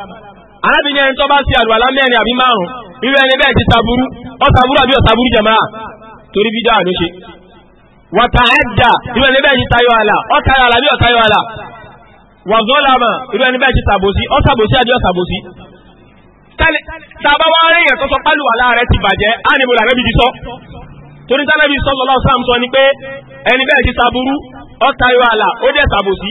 anabi ní ẹni tó bá ṣe àlùwàlá mẹ́rin àbí márùn irú ẹni bẹ́ẹ̀ ti sàbúrú ó sàbúrú àbí ó sàbúrú jàmáà torí bídà àánú ṣe wàtàádà irú ẹni bẹ́ẹ̀ ti tayọ àlà ó tayọ àlà bí ó tayọ àlà wàzọ́làmà irú ẹni bẹ́ẹ̀ ti sàbòsí ó sàbòsí àbí ó sàbòsí tàbá wá rẹ̀ yẹn tó sọ pálù wà láàrẹ ti bàjẹ́ á ní mo làrẹ́bí ti sọ torí tálẹ́bí sallallahu alaihi wasallam sọ ni pé ẹni bẹ́ẹ̀ ti sàbúrú ọ̀tá yọ àlà ó dẹ̀ sàbòsí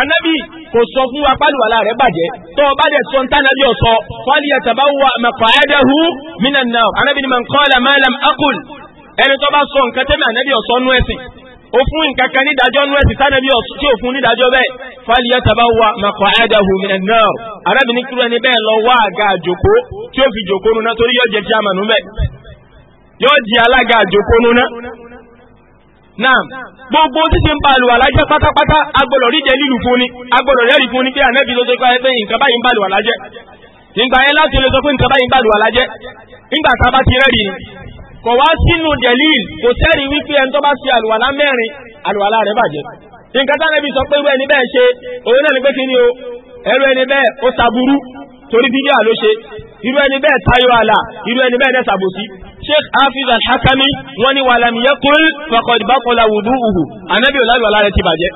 anabi kò sọ fún wa pálù wà láàrẹ bàjẹ́ tó o bá dẹ̀ sọ ntánàbí ọ̀sọ́ fọ́lì ẹ̀tàbá wà maq'adahu minan nar anabi ni man qala ma lam aqul ẹni tó anabi ọ̀sọ́ nú ó fún nǹkankan nídàjọ́ nú ẹ̀sìn sánẹ́bí ọ̀tún tí ó fún nídàjọ́ bẹ́ẹ̀ fàlì yẹtàbá wa maq'adahu minan nar arábìnrin kúrò ẹni bẹ́ẹ̀ lọ wá àga àjòkó tí ó fi jòkó nuná torí yóò jẹ chairman bẹ́ẹ̀ yóò di alága àjòkó nuná. náà gbogbo títí ń balùwà lájẹ́ pátápátá agbọ́dọ̀ ríjẹ lílù fún ni agbọ́dọ̀ rẹ́rì fún ni pé ànẹ́bí ló sọ pé nǹkan báyìí ń kò wá sínú dẹ̀líl kò sẹ́rí wípé ẹni tó bá ṣe àlùwàlá mẹ́rin àlùwàlá rẹ̀ bàjẹ́ nǹkan táwọn ẹbí sọ pé irú ẹni bẹ́ẹ̀ ṣe òun náà ní pé kí o ẹrú ẹni bẹ́ẹ̀ ó saburú torí bíbí àló ṣe irú ẹni bẹ́ẹ̀ tayọ àlà irú ẹni bẹ́ẹ̀ dẹ́sàbòsí sheikh hafiz al-hakami wọ́n ní wàhálà mi yẹ kúrú faqad baqala wudu'uhu anabi olálùwàlá rẹ̀ ti bàjẹ́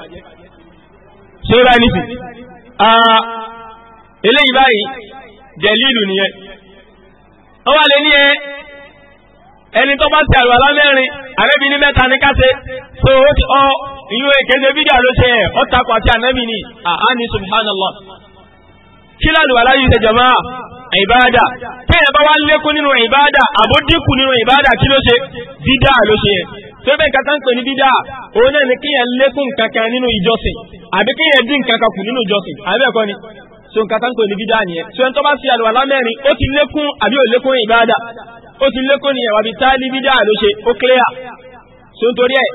ṣé ó rà ẹni tó bá ti àlọ́ alámẹ́rin àrẹ́bí ní mẹ́ta ní káṣe so ó ti ọ ìyún èkéde fídíò ló ṣe ẹ̀ ó takọ̀ àti ànábì ni àání subhanallah kí lálù aláyé ṣe jọmọ́ ìbáadà tẹ́yẹ̀ bá wá lékún nínú ìbáadà àbódínkù nínú ìbáadà kí ló ṣe dídá ló ṣe ẹ̀ tó bẹ́ẹ̀ kankan pè ní dídá òun náà ni kíyàn lékún kankan nínú ìjọsìn àbí kíyàn dín kankan kù nínú ìjọsìn àbí ẹ̀kọ́ ni so nǹkan pè ní dídá nìyẹn so ẹni tó bá ṣe àlùwàlá mẹ́rin ó ti lékún àbí ò lékún ìbáadà ó ti lékò ní ẹ̀wà bíi táàlì bídà ló ṣe ó clear so nítorí ẹ̀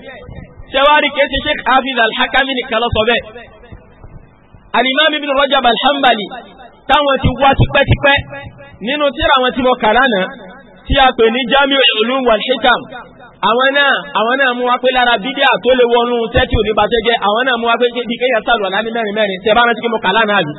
sẹ́wárí kéṣe sheikh hafiz alhakami nìkan lọ alimami ibn rajab alhambali táwọn ti wá tipẹ́tipẹ́ nínú tíra àwọn tí mo kà lánàá tí a pè ní jamiu ulum wal àwọn náà àwọn náà mú wa pé lára bídíà tó lè wọnú tẹ́tí òní bàtẹ́jẹ́ àwọn náà mú wa pé bí kéèyàn sàlùwà lámì mẹ́rin mẹ́rin tẹ́ bá rántí kí mo kà lánàá àbí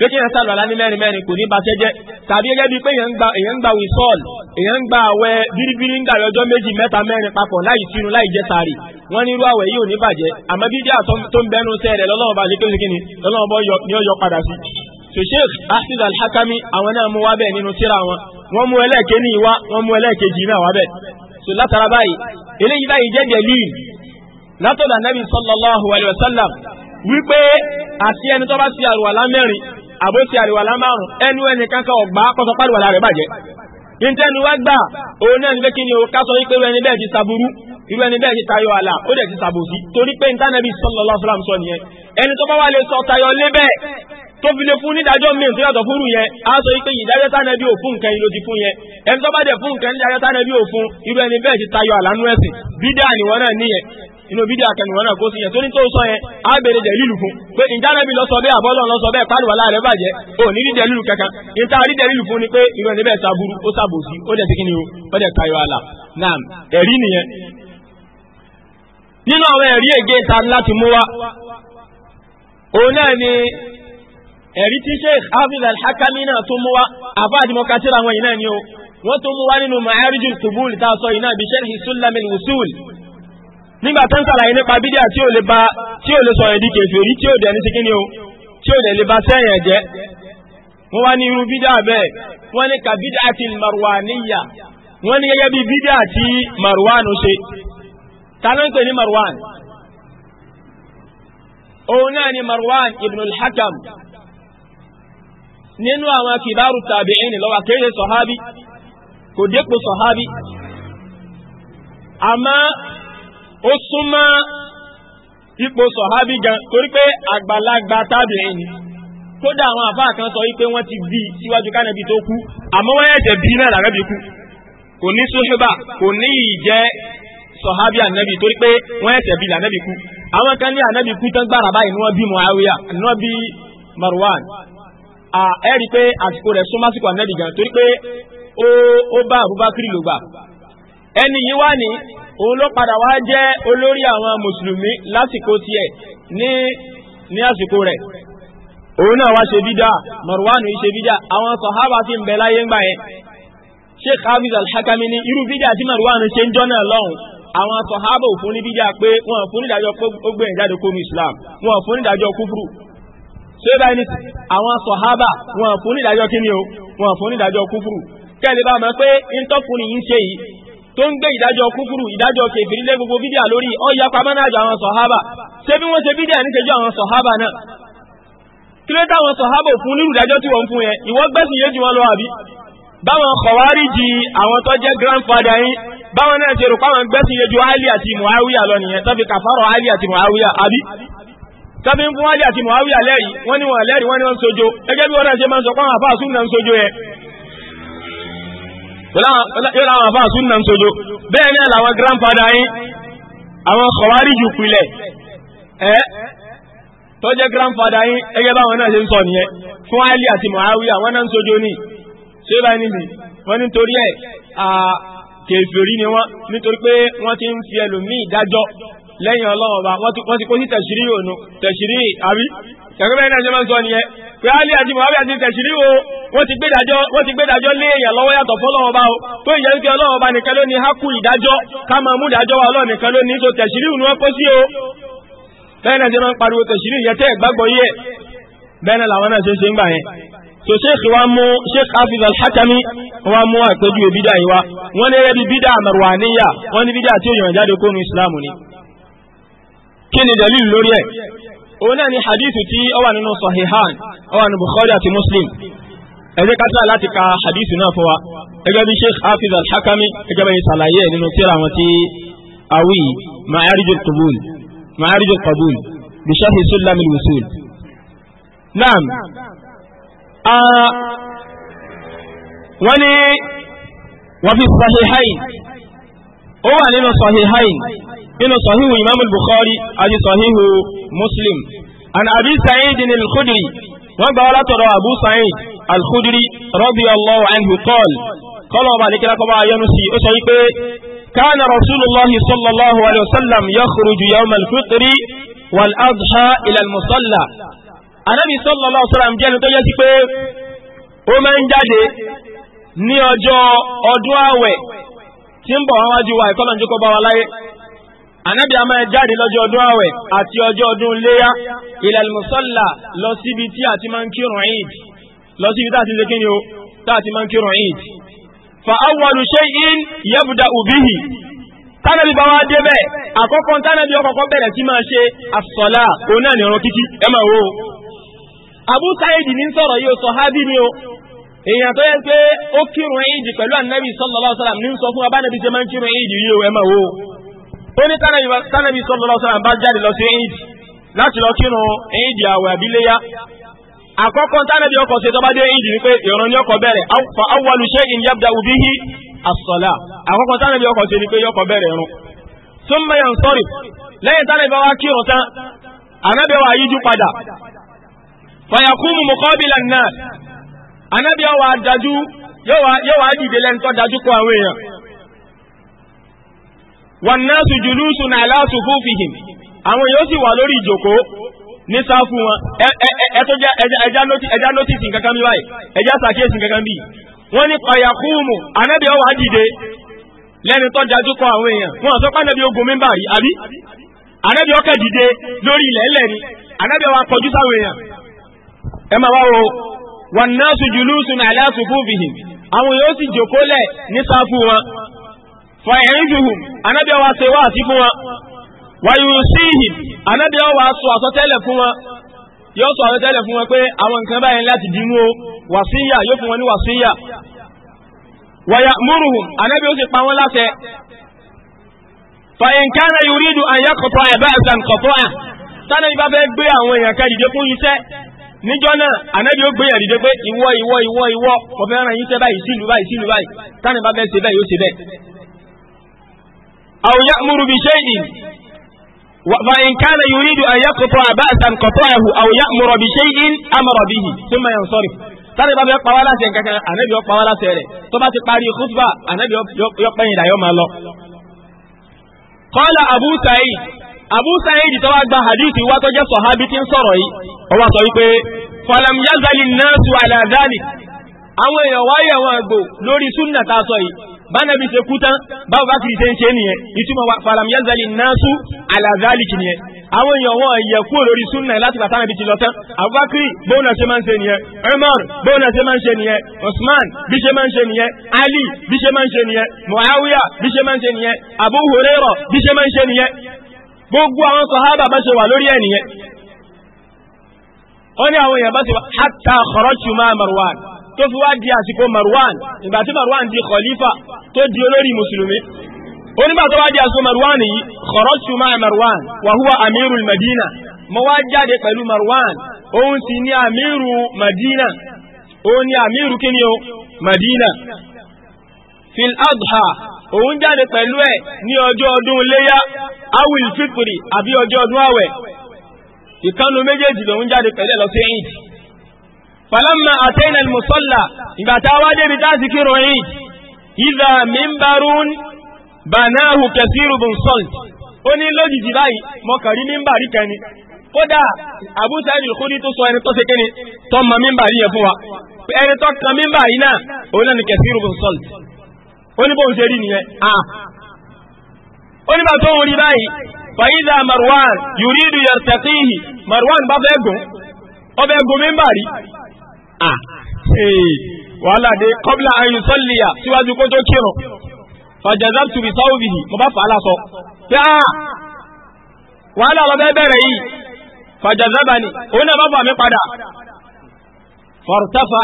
pé kí èèyàn sàlọ̀ alání mẹ́rin mẹ́rin kò ní baṣẹ́ jẹ́ tàbí gẹ́gẹ́ bíi pé èèyàn ń gba wisọ́ọ̀lù èèyàn ń gba àwẹ̀ bíríbírí ń dàrí ọjọ́ méjì mẹ́ta mẹ́rin papọ̀ láì sínú láì jẹ́ sàárì wọ́n ní irú àwẹ̀ yìí ò ní bàjẹ́ àmọ́ bí díà tó ń bẹnu sẹ́ rẹ̀ lọ́lọ́wọ́ bá ṣe pé kí ni lọ́lọ́wọ́ bọ́ ni ó yọ padà sí. so sheikh asid al-hakami àwọn náà mú wá bẹ́ẹ̀ nínú tírà wọn wọ́n mú ẹlẹ́ẹ̀kẹ́ ní ìwá wọ́n mú ẹlẹ́ẹ̀kejì náà wá bẹ́ẹ̀ so látara báyìí àbóṣe àríwàlá márùn ẹnu ẹni kankan ọgbà kọsọ pàríwàlá rẹ bàjẹ́ ìtẹnu wá gbà òun náà ní pé kí ni o ká sọ wípé irú ẹni bẹ́ẹ̀ ti saburú irú ẹni bẹ́ẹ̀ ti tayọ àlà ó dẹ̀ ti sàbòsí torí pé ìtànàbí sallallahu alaihi wasallam sọ nìyẹn ẹni tó bá wà lè sọ tayọ lé bẹ́ẹ̀ tó fi lè fún nídàájọ́ míì tó inú bídí akẹnuwọ́n náà kó sí yẹn tó ní tó sọ yẹn á bèrè dẹ̀lílù fún pé ìjánẹ́bí lọ sọ bẹ́ẹ̀ àbọ́lọ́ lọ sọ bẹ́ẹ̀ pàdùwà láàrẹ bàjẹ́ ò ní rí dẹ̀lílù kankan ní tá rí dẹ̀lílù fún ni pé irú ẹni bẹ́ẹ̀ sábúrú ó sábòsí ó dẹ̀ síkí ni o ó dẹ̀ tayọ àlà náà ẹ̀rí nìyẹn. nínú àwọn ẹ̀rí ègé ta láti mú wa òun náà ni ẹ̀rí tí sheikh hafiz al-hakami náà tó mú wa àbá àdìmọ́kàtìrà ni o wọ́n tó mú wa nínú ma'arijul qubul tá nígbà tó ń sàlàyé nípa bídíà tí ò lè ba tí ò lè sọ èdè kèfèrí tí ò dẹ̀ ní sikini o tí ò dẹ̀ lè ba sẹ́yìn ẹ̀jẹ̀ wọ́n wá ní irú bídíà bẹ́ẹ̀ wọ́n ní ka bídíà ti marwaniya wọ́n ní gẹ́gẹ́ bí bídíà ti marwan ṣe ta ló ń pè ní marwan òun náà ni marwan ibn al-hakam nínú àwọn kìbáru tàbí'ìn ló wà kéde sọ̀hábí kò dépò sọ̀hábí àmọ́ ó súnmọ́ ipò sọ̀hábí gan torí pé àgbàlagbà tábìrin ni kódà àwọn àfáà kan sọ wípé wọ́n ti bí síwájú kánẹ́bí tó kú àmọ́ wọ́n yẹ̀jẹ̀ bí náà làrẹ́bí kú kò ní sóṣùbà kò ní ìjẹ́ sọ̀hábí ànẹ́bí torí pé wọ́n yẹ̀jẹ̀ bí làrẹ́bí kú àwọn kan ní ànẹ́bí kú tán gbára báyìí ni wọ́n bí Muawiya ni wọ́n bí Marwan ẹ rí i pé àsìkò rẹ̀ súnmọ́ àsìkò ànẹ́bí gan torí pé ó bá Abubakar lògbà ẹni yìí wá ní òun ló padà wá jẹ́ olórí àwọn mùsùlùmí lásìkò tiẹ̀ ní ní àsìkò rẹ̀ òun náà wá ṣe bídà Marwanu ṣe bídà àwọn sàhábà tí ń bẹ láyé ńgbà yẹn Sheikh Hafiz al ní irú bídà tí Marwanu ṣe ń jọ́ náà lọ́hùn àwọn sàhábà ò fún ní bídà pé wọ́n fún nídàájọ́ ó jáde kó ní Islam wọ́n fún nídàájọ́ kúfúrú ṣé báyìí ní àwọn sàhábà wọ́n fún nídàájọ́ kí ni o wọ́n fún nídàájọ́ kúfúrú kẹ́lẹ́ bá mọ̀ pé ń tọ́kùnrin yìí ń ṣe yìí tó ń gbé ìdájọ́ kúkúrú ìdájọ́ kèbìrìlẹ̀ gbogbo bídíà lórí ọ̀yà pamánàjọ àwọn sọ̀hábà ṣé bí wọ́n ṣe bídíà níṣẹ́jọ́ àwọn sọ̀hábà náà kí ló táwọn sọ̀hábà fún nírú ìdájọ́ tí wọ́n fún yẹn ìwọ́n gbẹ̀sùn yé ju wọn lọ àbí báwọn kọ̀wárí di àwọn tó jẹ́ grandfather yín báwọn náà ṣe rò páwọn gbẹ̀sùn yé ju Ali àti Muawiya lọ nìyẹn tó fi kàfàrọ̀ Ali àti Muawiya àbí tọ́bí ń yóò láwọn àfáà súnà ń sojo bẹ́ẹ̀ ní àlàwọn grandfather yín àwọn kọ̀wárí jù pilẹ̀ ẹ́ tó jẹ́ grandfather yín ẹgẹ́ báwọn náà ṣe ń sọ nìyẹn fún Ali àti Muawiya àwọn náà ń sojo ní ṣé bá ní sí wọ́n nítorí ẹ̀ kèfèrí ni wọ́n nítorí pé wọ́n ti ń fi ẹlòmíì dájọ́ lẹ́yìn ọlọ́wọ́ bá wọ́n ti kó sí tẹ̀sírí ònu tẹ̀sírí àbí ẹ̀kọ́ pé alẹ́ àti muhammed àti tẹ̀sírí o wọ́n ti gbẹ́dájọ́ lé èèyàn lọ́wọ́ yàtọ̀ fọ́lọ́wọ́ bá o tó ìyẹn wípé ọlọ́wọ́ bá nìkan ló ní hákù ìdájọ́ ká máa mú ìdájọ́ wa ọlọ́ọ̀ nìkan ló ní so tẹ̀sírí ni wọ́n kó sí o bẹ́ẹ̀ náà ṣe máa ń pariwo tẹ̀sírí yẹn tẹ́ ìgbàgbọ́ yẹ bẹ́ẹ̀ náà làwọn náà ṣe ń ṣe ń gbà yẹn so sheikh wa mu sheikh hafiz al-hakami wa mu àpèjúwe bídà yìí wa wọ́n ní rẹ́bi bídà marwaniya wọ́n ní bídà tí ó yàn jáde kónú islam ni kí ni dalil lórí ẹ̀ òun náà ni hadithu tí ó wà nínú sahihan ó wà nínú bukhari àti muslim ẹ jẹ́ ká try láti ka hadithu náà fún wa gẹ́gẹ́ bí sheikh hafiz al-hakami gẹ́gẹ́ bí ṣàlàyé nínú tírà wọn tí awi ma'arijul qabul ma'arijul qabul bi sharhi sulamil wusul. naam wọ́n ní wọ́n fi sahihain ó wà nínú sahihain nínú sahihu imam al-bukhari àti sahihu muslim an abi sa'id al-khudri wọ́n gbà wọ́lá tọ̀rọ abu sa'id al-khudri radiyallahu anhu qala kọ́lọ̀ ọba àdékẹ́lá kọ́ bá yọnu sí ó sọ wípé كان رسول الله صلى الله عليه وسلم يخرج يوم الفطر والأضحى إلى المصلى Ànábì صلى الله عليه وسلم jẹ́ ẹni tó jẹ́ sí pé ó máa ń jáde ní ọjọ́ ọdún àwẹ̀ tí ń bọ̀ wájú wa ìkọ́lọ̀ ń jókòó bá wa láyé ànábì a máa jáde lọ́jọ́ ọdún àwẹ̀ àti ọjọ́ ọdún léyá ilal musalla lọ síbi tí a ti máa ń kírun eid lọ síbi tá a ti ṣe kíni o tá a ti máa ń kírun eid fa awwalu shay'in yabda'u bihi tánàbí bá wá débẹ̀ àkọ́kọ́ tánàbí ọkọ̀kọ́ bẹ̀rẹ̀ sí máa ṣe àsọ̀lá òun kíkí ẹ máa wo Abu Sa'id ní sọ̀rọ̀ yìí o sọ̀hábì ni o èèyàn tó yẹ pé ó kírun eid pẹ̀lú ànábì sallallahu alaihi ní sọ fún abánàbí ṣe máa ń kírun eid yìí o ẹ máa wo ó ní tánàbí sallallahu alaihi wasallam bá jáde lọ sí eid láti lọ kírun eid àwẹ̀ àbíléyá àkọ́kọ́ tánàbí ọkọ̀ ṣe tó bá dé eid ni pé ìrun ni ọkọ̀ bẹ̀rẹ̀ fa awwalu shay'in yabda'u bihi as-salah àkọ́kọ́ tánàbí ọkọ̀ ṣe ni pé yọkọ̀ bẹ̀rẹ̀ lẹ́yìn tánàbí kírun tán yíjú padà dájú yóò wá dìde wànnáàsù jùlúùsù náà aláàsù fúfihìm àwọn yóò sì wà lórí ìjòkó ní sáfù wọn ẹjá nọ́tìsì kankan bí báyìí ẹjá sàkíyèsí kankan bí wọ́n ní ọ̀yàkúùmù anábì ọwà dìde lẹ́ni tó dájú kọ àwọn èèyàn wọ́n sọ anábì ogun mímbà rí àbí anábì ọkà dìde lórí ilẹ̀ ńlẹ̀ ni anábì ọwà kọjú sáwọn èèyàn ẹ máa wá wo àwọn yóò sì jòkó lẹ̀ ní sáfù fàìrìjùhùm anábíà wa ṣe wá àti fún wa wàyùsíhìm anábíà wa sọ àsọtẹ́lẹ̀ fún wa yóò sọ àsọtẹ́lẹ̀ fún wa pé àwọn nǹkan báyìí láti dínú o wàsíyà yóò fún wọn ní wàsíyà wàyà múrùhùm anábí ó sì pa wọn láṣẹ fàìǹkánà yuridu àyà kọ̀tọ̀ ẹ̀bá ẹ̀sán kọ̀tọ̀ ẹ̀ sáré ibà fẹ́ gbé àwọn èèyàn kan dìde fún iṣẹ́ níjọ́ náà anábì ó gbéyàn dìde pé ìwọ ìwọ ìwọ ìwọ kò fẹ́ ràn yín ṣe báyìí sílùú báyìí sílùú báyìí sáré ibà fẹ́ ṣe bẹ́ẹ̀ yóò ṣe bẹ́ẹ̀ أو يأمر بشيء فإن كان يريد أن يقطع بأسا قطعه أو يأمر بشيء أمر به ثم ينصرف tani bàbá yọpọ wá láti ẹnkankan ànábì yọpọ wá láti ẹrẹ tó bá ti parí kútùbà ànábì yọpọ ẹyìn dàyọ máa lọ. kọ́lá abu sa'id abu sa'id tó wá gba hadithi wá tó jẹ́ sọ̀hábí tí ń sọ̀rọ̀ yìí ó wá sọ wípé yazali nnasu ala dhalik àwọn èèyàn wáyé àwọn àgbò lórí súnnà tá a sọ yìí bánàbí ṣe kú tán báwo bá kìí ṣe ń ṣe nìyẹn ìtumọ̀ falamiyazali nasu alazaliki nìyẹn àwọn èèyàn wọn yẹ kúrò lórí súnà láti bàtà nàbí ti lọ tán abubakar bóun náà ṣe máa ń ṣe umar bóun náà ṣe máa ń ṣe usman bí ṣe máa ń ṣe ali bí ṣe máa ń ṣe nìyẹn muawiya bí ṣe máa ń ṣe abu hurairah bí ṣe máa ń ṣe nìyẹn gbogbo àwọn sahaba bá ṣe wà lórí ẹ̀ nìyẹn ó ní àwọn èèyàn hatta kharaju ma marwan tó fi wá di àsìkò Marwan ìgbà tí Marwan di khalifa tó di olórí mùsùlùmí ó nígbà tó wá di àsìkò Marwan yìí kharajtu ma'a Marwan wa huwa amirul Madina mo wá jáde pẹ̀lú Marwan òun sì ní àmírù Madina òun ní àmírù kí ni o Madina fil adha òun jáde pẹ̀lú ẹ̀ ní ọjọ́ ọdún léyá awil fitri àbí ọjọ́ ọdún àwẹ̀ ìkanu méjèèjì lòun jáde pẹ̀lú ẹ̀ lọ sí ẹ̀yìn falamma àtẹ́yìn almusalla ìgbà tá a wá débi tá a sì kírun yìí ìdá mímbarún banahu kẹsìrù bùn salt ó ní lójijì báyìí mo kàn rí mímbàrí kan ni kódà Abu Sa'id al-Khudri tó sọ ẹni tó ṣe kíni tó mọ mímbàrí yẹn fún wa ẹni kan mímbàrí náà òun ni kẹsìrù bùn salt ó ní bóun ṣe rí nìyẹn ó nígbà tó ń rí báyìí Marwan yuridu yartaqihi Marwan bá fẹ́ gùn ó fẹ́ gùn mímbàrí à ah. wàhálà dé kọ́bílà ayùsọ́lìyà síwájú kó tó kírun fàjẹ̀dá tùbí sáwùbìhì mo bá fà á lásọ. wàhálà lọ bẹ́ẹ̀ bẹ̀rẹ̀ yìí fàjẹ̀dá bani òun náà bá fà mí padà. fọ̀rọ̀tàfà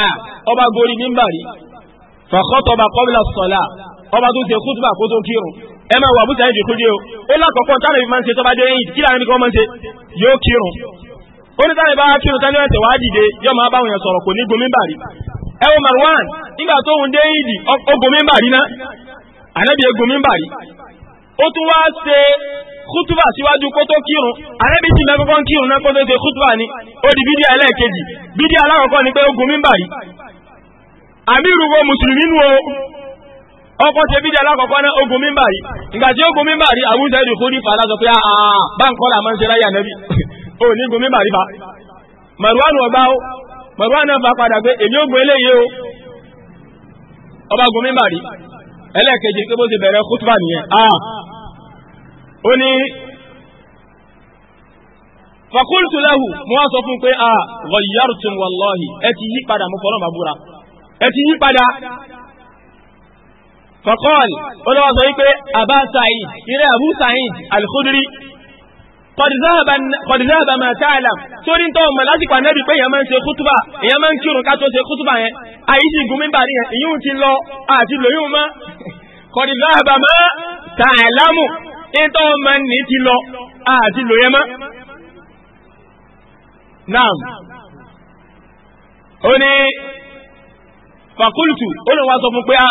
ọba gorí mímbàrí fàkọ́tọ̀ba kọ́bílà sọ̀lá ọba tó ṣe kútùbà kó tó kírun ẹ máa wà bùsà ẹ̀jẹ̀ kúndé o ó lákọ̀ọ́kọ́ táwọn ẹ̀mí máa ń dé yìí kí ó ní táwọn ìbára kírun tán ní ọ̀tẹ̀ wá dìde yọ máa báwọn èèyàn sọ̀rọ̀ kò ní gomi bàrí ẹ wo Marwan nígbà tó ń dé ìdì ó gomi bàrí ná ànábì ẹ gomi bàrí ó tún wá ṣe kútùbà síwájú kó tó kírun ànábì sì mẹ́kọ́kọ́ kírun náà kó tó ṣe kútùbà ni ó di bídíà ẹlẹ́ẹ̀kejì bídíà alákọ̀ọ́kọ́ ni pé ó gomi bàrí wo mùsùlùmí nu o ọkọ̀ ṣe bídíà alákọ̀ọ́kọ́ náà ó gomi bàrí ìgbà tí ó gomi bàrí àwùjọ ìdìkú ní fàlà pé àà báńkọ́lá máa ń ṣe láyé ànábì ó ní gun mímbà ríba Marwan ọgbà ó Marwan náà bá padà pé èmi ó gun eléyìí o ọba gun mímbà rí ẹlẹ́ẹ̀kejì pé bó ti bẹ̀rẹ̀ kútùbà nìyẹn a ó ní fakultu lahu mo wá sọ fún pé a ghayyartum wallahi ẹ ti yí padà mo fọlọ́ màbúra ẹ ti yí padà faqal ó lọ́wọ́ sọ wípé Aba Sa'id ilé Abu Sa'id al kọ̀dìdáàbà máa tààlà sórí tó ọmọ lásìkò ànẹ́bì pé èèyàn máa ń ṣe kútùbà èèyàn máa ń kírun ká tó ṣe kútùbà yẹn àyíṣì gúnmí bàrí yẹn ìyún ti lọ àti lòyún mọ́ kọ̀dìdáàbà máa tààlámù ìtọ́ ọmọ ní ti lọ àti lòyẹ mọ́. náà ó ní fàkúlùtù ó lè wá sọ fún pé a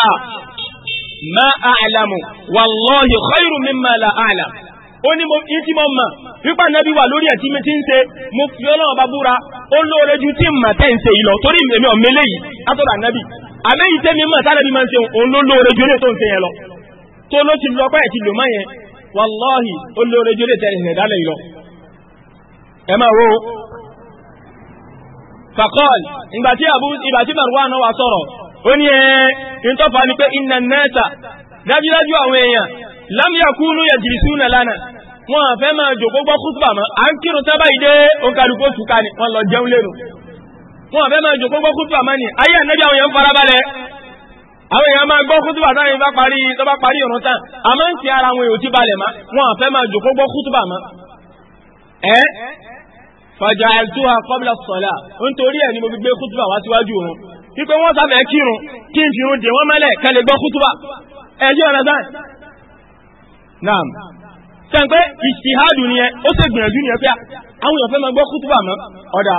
máa àlàmù wàlọ́ọ̀yì khairu mimma la ó ní mo ní tí mo mọ̀ wípé ànábì wà lórí ẹ̀tí mi ti ń ṣe mo fi ọlọ́run bá búra ó lóore ju tí mà tẹ́ ń ṣe yìí lọ torí èmi ọ̀mẹ́lẹ́ yìí látọ̀dọ̀ ànábì àmẹ́yìí tẹ́mi mọ̀ sálẹ́bí máa ń ṣe òun ló lóore ju ilé tó ń ṣe yẹn lọ tó ló ti lọ́pẹ́ ẹ̀ lò mọ́ yẹn wàláhì ó lóore ju ilé tẹ́lẹ̀ ìrẹ̀dálẹ̀ yìí lọ. ẹ máa wo fakọ́l ìgbà àbú ìgbà lam yakunu yajlisuna lana wọn àfẹ́ máa jòkó gbọ́ kútùbà mọ́ à ń kírun tábà ìdé òǹkàlùkò tùkà ni wọn lọ jẹun lẹ́nu wọn àfẹ́ máa jòkó gbọ́ kútùbà mọ́ ni ayé ànábì àwọn èèyàn farabalẹ̀ àwọn èèyàn máa gbọ́ kútùbà táwọn èèyàn bá parí tó bá parí ọ̀run tán àmọ́ ń ti ara àwọn èèyàn ti balẹ̀ mọ́ wọn àfẹ́ máa jòkó gbọ́ kútùbà mọ́ ẹ́ fàjà ẹ̀túwà kọ́bílà sọ̀lá nítorí ẹ̀ ni mo fi gbé kútùbà wá síwájú òun wípé wọ́n sábẹ̀ kírun kí n fi irun dè mẹ́lẹ̀ kẹlẹ̀ gbọ́ kútùbà ẹ̀jẹ̀ ọ̀rẹ́dán naam sẹ́n ìṣìhádù ni ẹ ó sì gbìyànjú ni ẹ pé àwọn èèyàn fẹ́ máa gbọ́ mọ́ ọ̀dà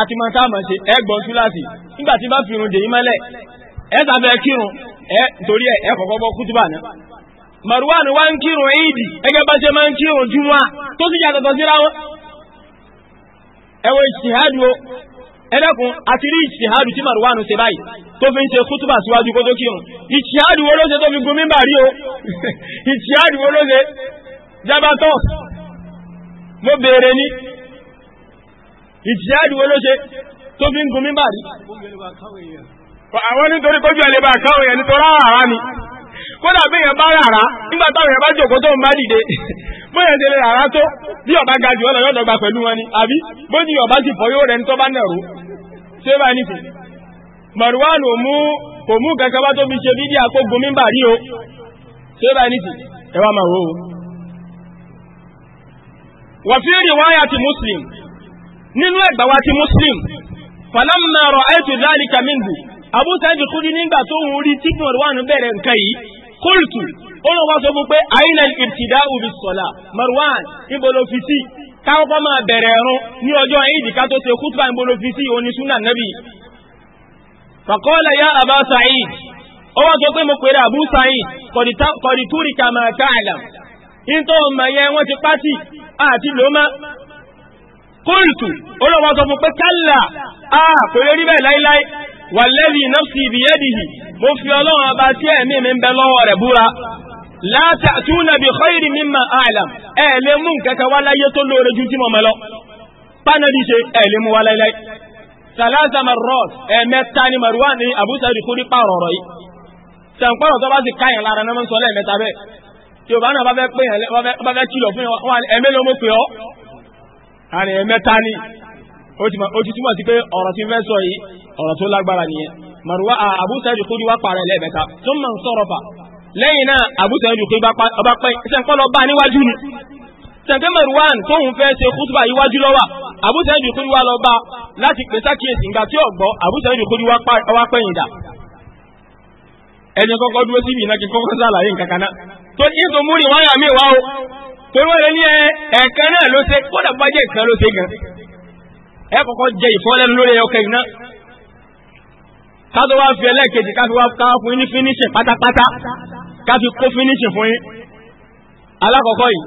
àti máa a máa ṣe ẹ gbọ́n túláàsì nígbà tí bá fi irun dèyí mọ́lẹ̀ ẹ kírun ẹ torí ẹ ẹ gbọ́ kútúbà náà Marwan wá ń kírun éèdì bá ẹlẹ́kùn àti rí ìṣìhádù tí Marwan ṣe báyìí tó fi ń ṣe kútùbà síwájú kó tó kírun ìṣìhádù wo ló ṣe tó fi gun mímbà rí o ìṣìhádù wo ló mo béèrè ní ìṣìhádù wo tó fi ń gun mímbà rí àwọn nítorí kójú ẹlẹ́bà káwọn èèyàn nítorí àrá ni kódà bí èèyàn bá rárá nígbà táwọn èèyàn bá jòkó tó ń bá dìde bóyá ìdílé rárá tó bí ọba ga jù ọ pẹ̀lú wọn ni àbí bó ní ọba sì fọ yóò rẹ ní tó bá nẹ̀rú ṣé bá ní sí Marwan ò mú kò mú kankan bá tó fi ṣe fídíò àkógun mímbà rí o ṣé bá ní sí ẹ wá máa wò ó. wa fi riwayati Muslim nínú ẹgbà wa ti Muslim falamma ra'aytu dhalika minhu Abu Sa'id Khudri nígbà tó ń rí tí Marwan bẹ̀rẹ̀ nǹkan yìí qultu ó lọ wá sọ fún pé àyínà ìrtidá òbí sọ̀la Marwan ibo ló káwọ́kọ́ máa bẹ̀rẹ̀ ẹ̀rún ní ọjọ́ ìdí ká tó ṣe kútùbà ń bolo fi sí òní súnà nẹ́bì fàkọ́lẹ̀ yá àbá sa'id ó wá tó pé mo pèrè àbú sa'id kọ̀dìtúrì kà máa ká àlà nítorí yẹn wọ́n ti àti kóòtù olóòwò a kò lè rí bẹ́ẹ̀ láíláí wà lẹ́yìn náà sí ibi yẹ́dìhì mo fi ọlọ́run ọba tí ẹ̀mí mi ń bẹ láti àtúnà bí khayri mímọ àìlàm ẹ lè mú kẹkẹ wá láyé tó lóore ju tí mo mọ lọ pánàbí ṣe ẹ lè mú wá láyé salasa marot ẹ mẹ́ta ni maruwa ni Abu Sa'id Khudri pààrọ̀ ọ̀rọ̀ yìí sàǹkpọrọ tó bá ti káyàn lára náà sọ lẹ́ẹ̀mẹ́ta bẹ́ẹ̀ tí o bá náà bá fẹ́ pè fún yàn ẹmẹ ló mú pè ni lẹ́yìn náà àbútọ̀ ẹ̀dùn pé ọba pẹ́ sẹ́ńkọ́ bá níwájú ni sẹ́ńkẹ́ Marwan tóun fẹ́ ṣe kútùbà iwájú lọ́wà àbútọ̀ ẹ̀dùn pé wá lọ bá láti pè sákìyèsí ìgbà tí ọ̀gbọ́ àbútọ̀ ẹ̀dùn pé wá pẹ́yìn dà ẹni kọ́kọ́ dúró síbi ìnákin kọ́kọ́ sàlàyé nǹkankaná tó ní tó múrin wáyà mí wá o tó wọ́n lè ní ẹ̀ẹ̀kan náà ló ṣe kódà bá jẹ́ ìkan ló ṣe gan ẹ kọ́kọ́ jẹ ìfọ́lẹ́nu lórí ẹyọ kẹyìn ká tó wá fi ẹlẹ́ẹ̀kejì ká fi wá ká fún ní fínísẹ̀ pátápátá káfí kó fínísì fún yín alákọ̀ọ́kọ́ yìí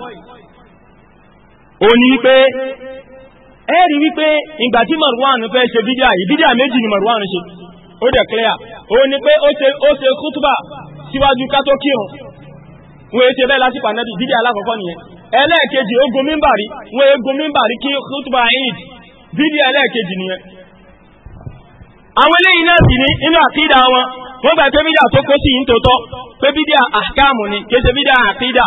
ó ní wípé ẹ̀rí wípé ìgbà tí Marwan fẹ́ ṣe bídíà yìí bídíà méjì ni Marwan ṣe ó dẹ̀ clear ó ní pé ó ṣe kútùbà síwájú ká tó kírun wọ́n ṣe bẹ́ẹ̀ lásìkò ànábì bídíà alákọ̀ọ́kọ́ nìyẹn ẹlẹ́ẹ̀kejì ó gun mímbàrí wọ́n gun mímbàrí kí wọ́n gbà pé bídà tó kó sí yìí tòótọ́ pé bídà àkàmù ni kéde bídà àkídà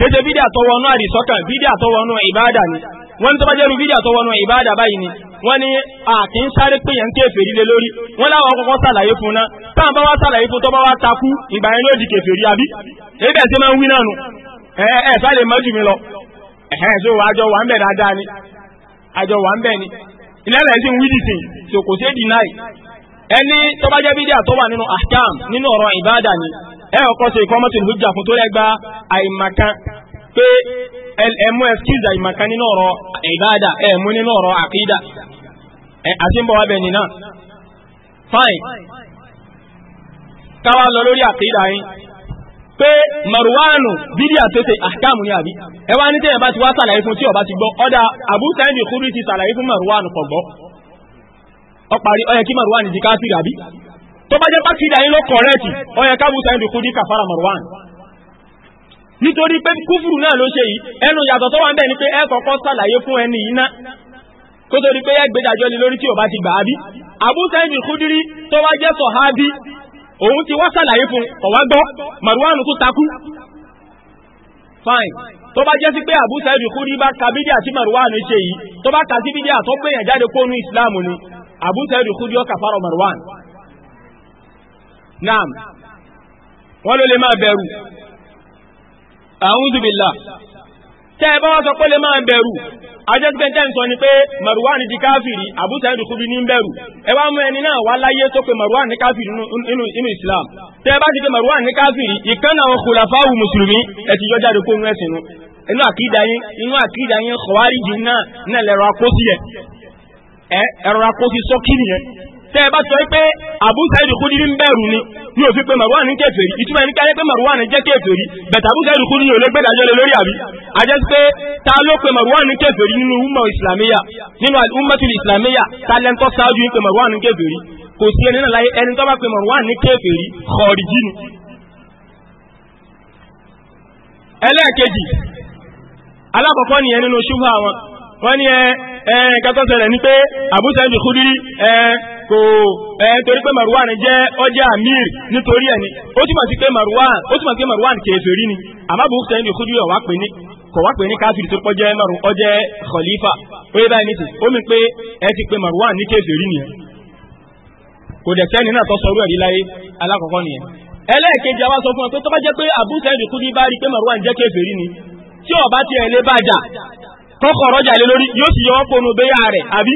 kéde bídà tó wọnú àdìsọ́kàn bídà tó wọnú ìbáàdà ni wọ́n ní tó bá jẹ́rú bídà tó wọnú ìbáàdà báyìí ni wọ́n ní àkí ń sáré pé yẹn ń kèfèrí lé lórí wọ́n láwọn kọ́kọ́ sàlàyé fún náà táwọn bá wá sàlàyé fún tó wá takú ìgbà yẹn ló di kèfèrí àbí ẹgbẹ́ tí máa ń wí náà ni àjọ wà so kò sí deny ẹni tó bá jẹ́ bídíà tó wà nínú ahkam nínú ọ̀rọ̀ ìbáàdà ni ẹ ọkọ ṣe ìkọ́mọ́tò ìlújà fún tó lẹ́gba àìmàkan pé ẹmú ẹskíza àìmàkan nínú ọ̀rọ̀ ìbáàdà ẹmú nínú ọ̀rọ̀ àkídà àti ń bọ̀ wá bẹ̀ nínà fine káwá lọ lórí àkídà yín pé marwanu tó ṣe ahkam àbí ẹ wá ní bá ti wá sàlàyé fún tí ọba ọparí ó yẹ kí marwan di káfíìrì àbí tó bá jẹ́ pàkìdà yín ló kọ̀rẹ́ẹ̀tì ó yẹ káàbù sáyẹn lè kú ní kàfàrà marwan nítorí pé kúfùrù náà ló ṣe yìí ẹnu yàtọ̀ tó wà ń bẹ̀ ni pé ẹ kọ́kọ́ sàlàyé fún ẹni yìí ná kó tó di pé ẹ gbẹdàjọ ni lórí tí ò bá ti gbà á bí Abu Sa'id al-Khudri tó wá jẹ́ sọ̀hábí òun ti wá sàlàyé fún kò wá gbọ́ Marwan tó takú fine tó bá jẹ́ sí pé Abu Sa'id al-Khudri bá ka bídíà tí Marwan ṣe yìí tó bá ka sí bídíà tó gbẹ̀yàn jáde kónú Islam ni Abu Sa'id Khudri kàfàrọ̀ Marwan naam wọ́n ló lè máa bẹ̀rù a'udhu billah tẹ́ ẹ bá wá sọ pé lè máa bẹ̀rù ajẹ́sìkẹ́ntẹ́ ń sọ ni pé Marwan di káfìrí Abu Sa'id Khudri ní bẹ̀rù ẹ wá mú ẹni náà wá láyé tó pé Marwan ní káfìrí nínú Islam tẹ́ ẹ bá ti pé Marwan ní káfìrí ìkan náà khulafa'u mùsùlùmí ẹ ti yọ kó nú ẹ̀sìn nu inú àkídà yín inú àkídà yín Khawarij náà náà lẹ́rọ akó sílẹ̀ ẹ̀rọra kó ti sọ kí nìyẹn tẹ́ bá sọ pé Abu Sa'id Khudri ń ni ní òfin pé Marwan ń kèfèrí ìtumọ̀ ẹni káyẹ́ pé Marwan jẹ́ kèfèrí bẹ̀tẹ̀ Abu Sa'id Khudri ò lè gbé dájọ́ lé lórí àbí àjẹ́ pé ta ló pe Marwan ń kèfèrí nínú umar islamiyya nínú ummatul islamiyya ta lẹ́ńtọ́ sáájú ń pe Marwan ń kèfèrí kò sí ẹni náà ẹni tó bá pe Marwan ń kèfèrí kọ̀ọ̀rìjì ni. ẹlẹ́ẹ̀kejì alákọ̀ọ́kọ́ nìyẹn nínú ṣubú àwọn wọ́n ní ẹ̀ẹ́n eh, eh, kátó ṣẹlẹ̀ ní pé Abu Sa'id Khudri eh, kò torí pé Marwan jẹ́ ọjà amir nítorí ẹni ó túmọ̀ sí pé Marwan ó túmọ̀ sí pé Marwan kèfèrí ni àmọ́ Abu Sa'id Khudri ọ̀wá pè ní kò wá pè ní káfíìrì tó pọ́jẹ́ Marwan ọjẹ́ khalifa ó yẹ báyìí nìsín ó mi pé ẹ ti pé Marwan ní kèfèrí nìyẹn kò dẹ̀ sẹ́ni náà tó sọrú ẹ̀rí láyé alákọ̀ọ́kọ́ nìyẹn ẹlẹ́ẹ̀kejì àwa sọ fún ọ pé tó bá jẹ́ pé Abu Sa'id Khudri bá rí pé Marwan jẹ́ kèfèrí ni tí ó tiẹ̀ lè bàjá tọkọ̀ ọ̀rọ̀ jà lé lórí yóò sì yọ wọ́n fóònù béyà rẹ̀ àbí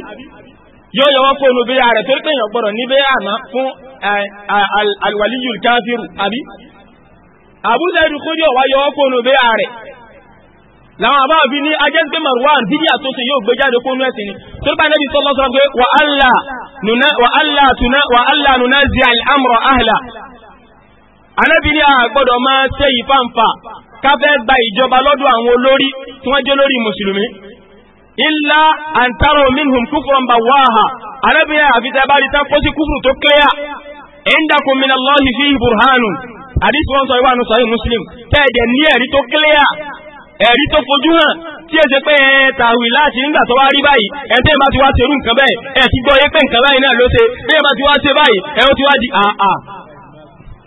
yóò yọ wọ́n fóònù béyà rẹ̀ torí pé èèyàn gbọ́dọ̀ ní béyà náà fún alwaliyul káfíru àbí abúlẹ̀rù kó yóò wá yọ fóònù béyà rẹ̀ làwọn àbá òbí ní ajẹ́sípé marwan bíbí àtúnṣe yóò gbé jáde kó ẹ̀sìn ni torí pé anábì sọ́lọ́ sọ pé wà á là nùnà àmọ̀rọ̀ àhìlà anábì ní àgbọ́dọ̀ máa ṣe ìfàǹfà ká fẹ́ gba ìjọba lọ́dọ̀ àwọn olórí tí wọ́n jẹ́ lórí mùsùlùmí illa antaro minhum kufran bawaha arábìnrin àfitẹ́ bá rí tán kó sí kúfùrù tó kílíà indakum minallahi fihi burhanun àdìsí wọn sọ ìwà àánú sọyìn muslim tẹ́ẹ̀dẹ̀ ní ẹ̀rí tó kílíà ẹ̀rí tó fojú hàn tí ẹ ṣe pé ẹ tàwí láti nígbà tó wá rí báyìí ẹ tẹ́ ẹ bá ti wá ṣerú nǹkan bẹ́ẹ̀ ẹ ti gbọ́ yé pé nǹkan báyìí náà ló ṣe bí ẹ bá ti wá ṣe báyìí ẹ ó ti wá di àà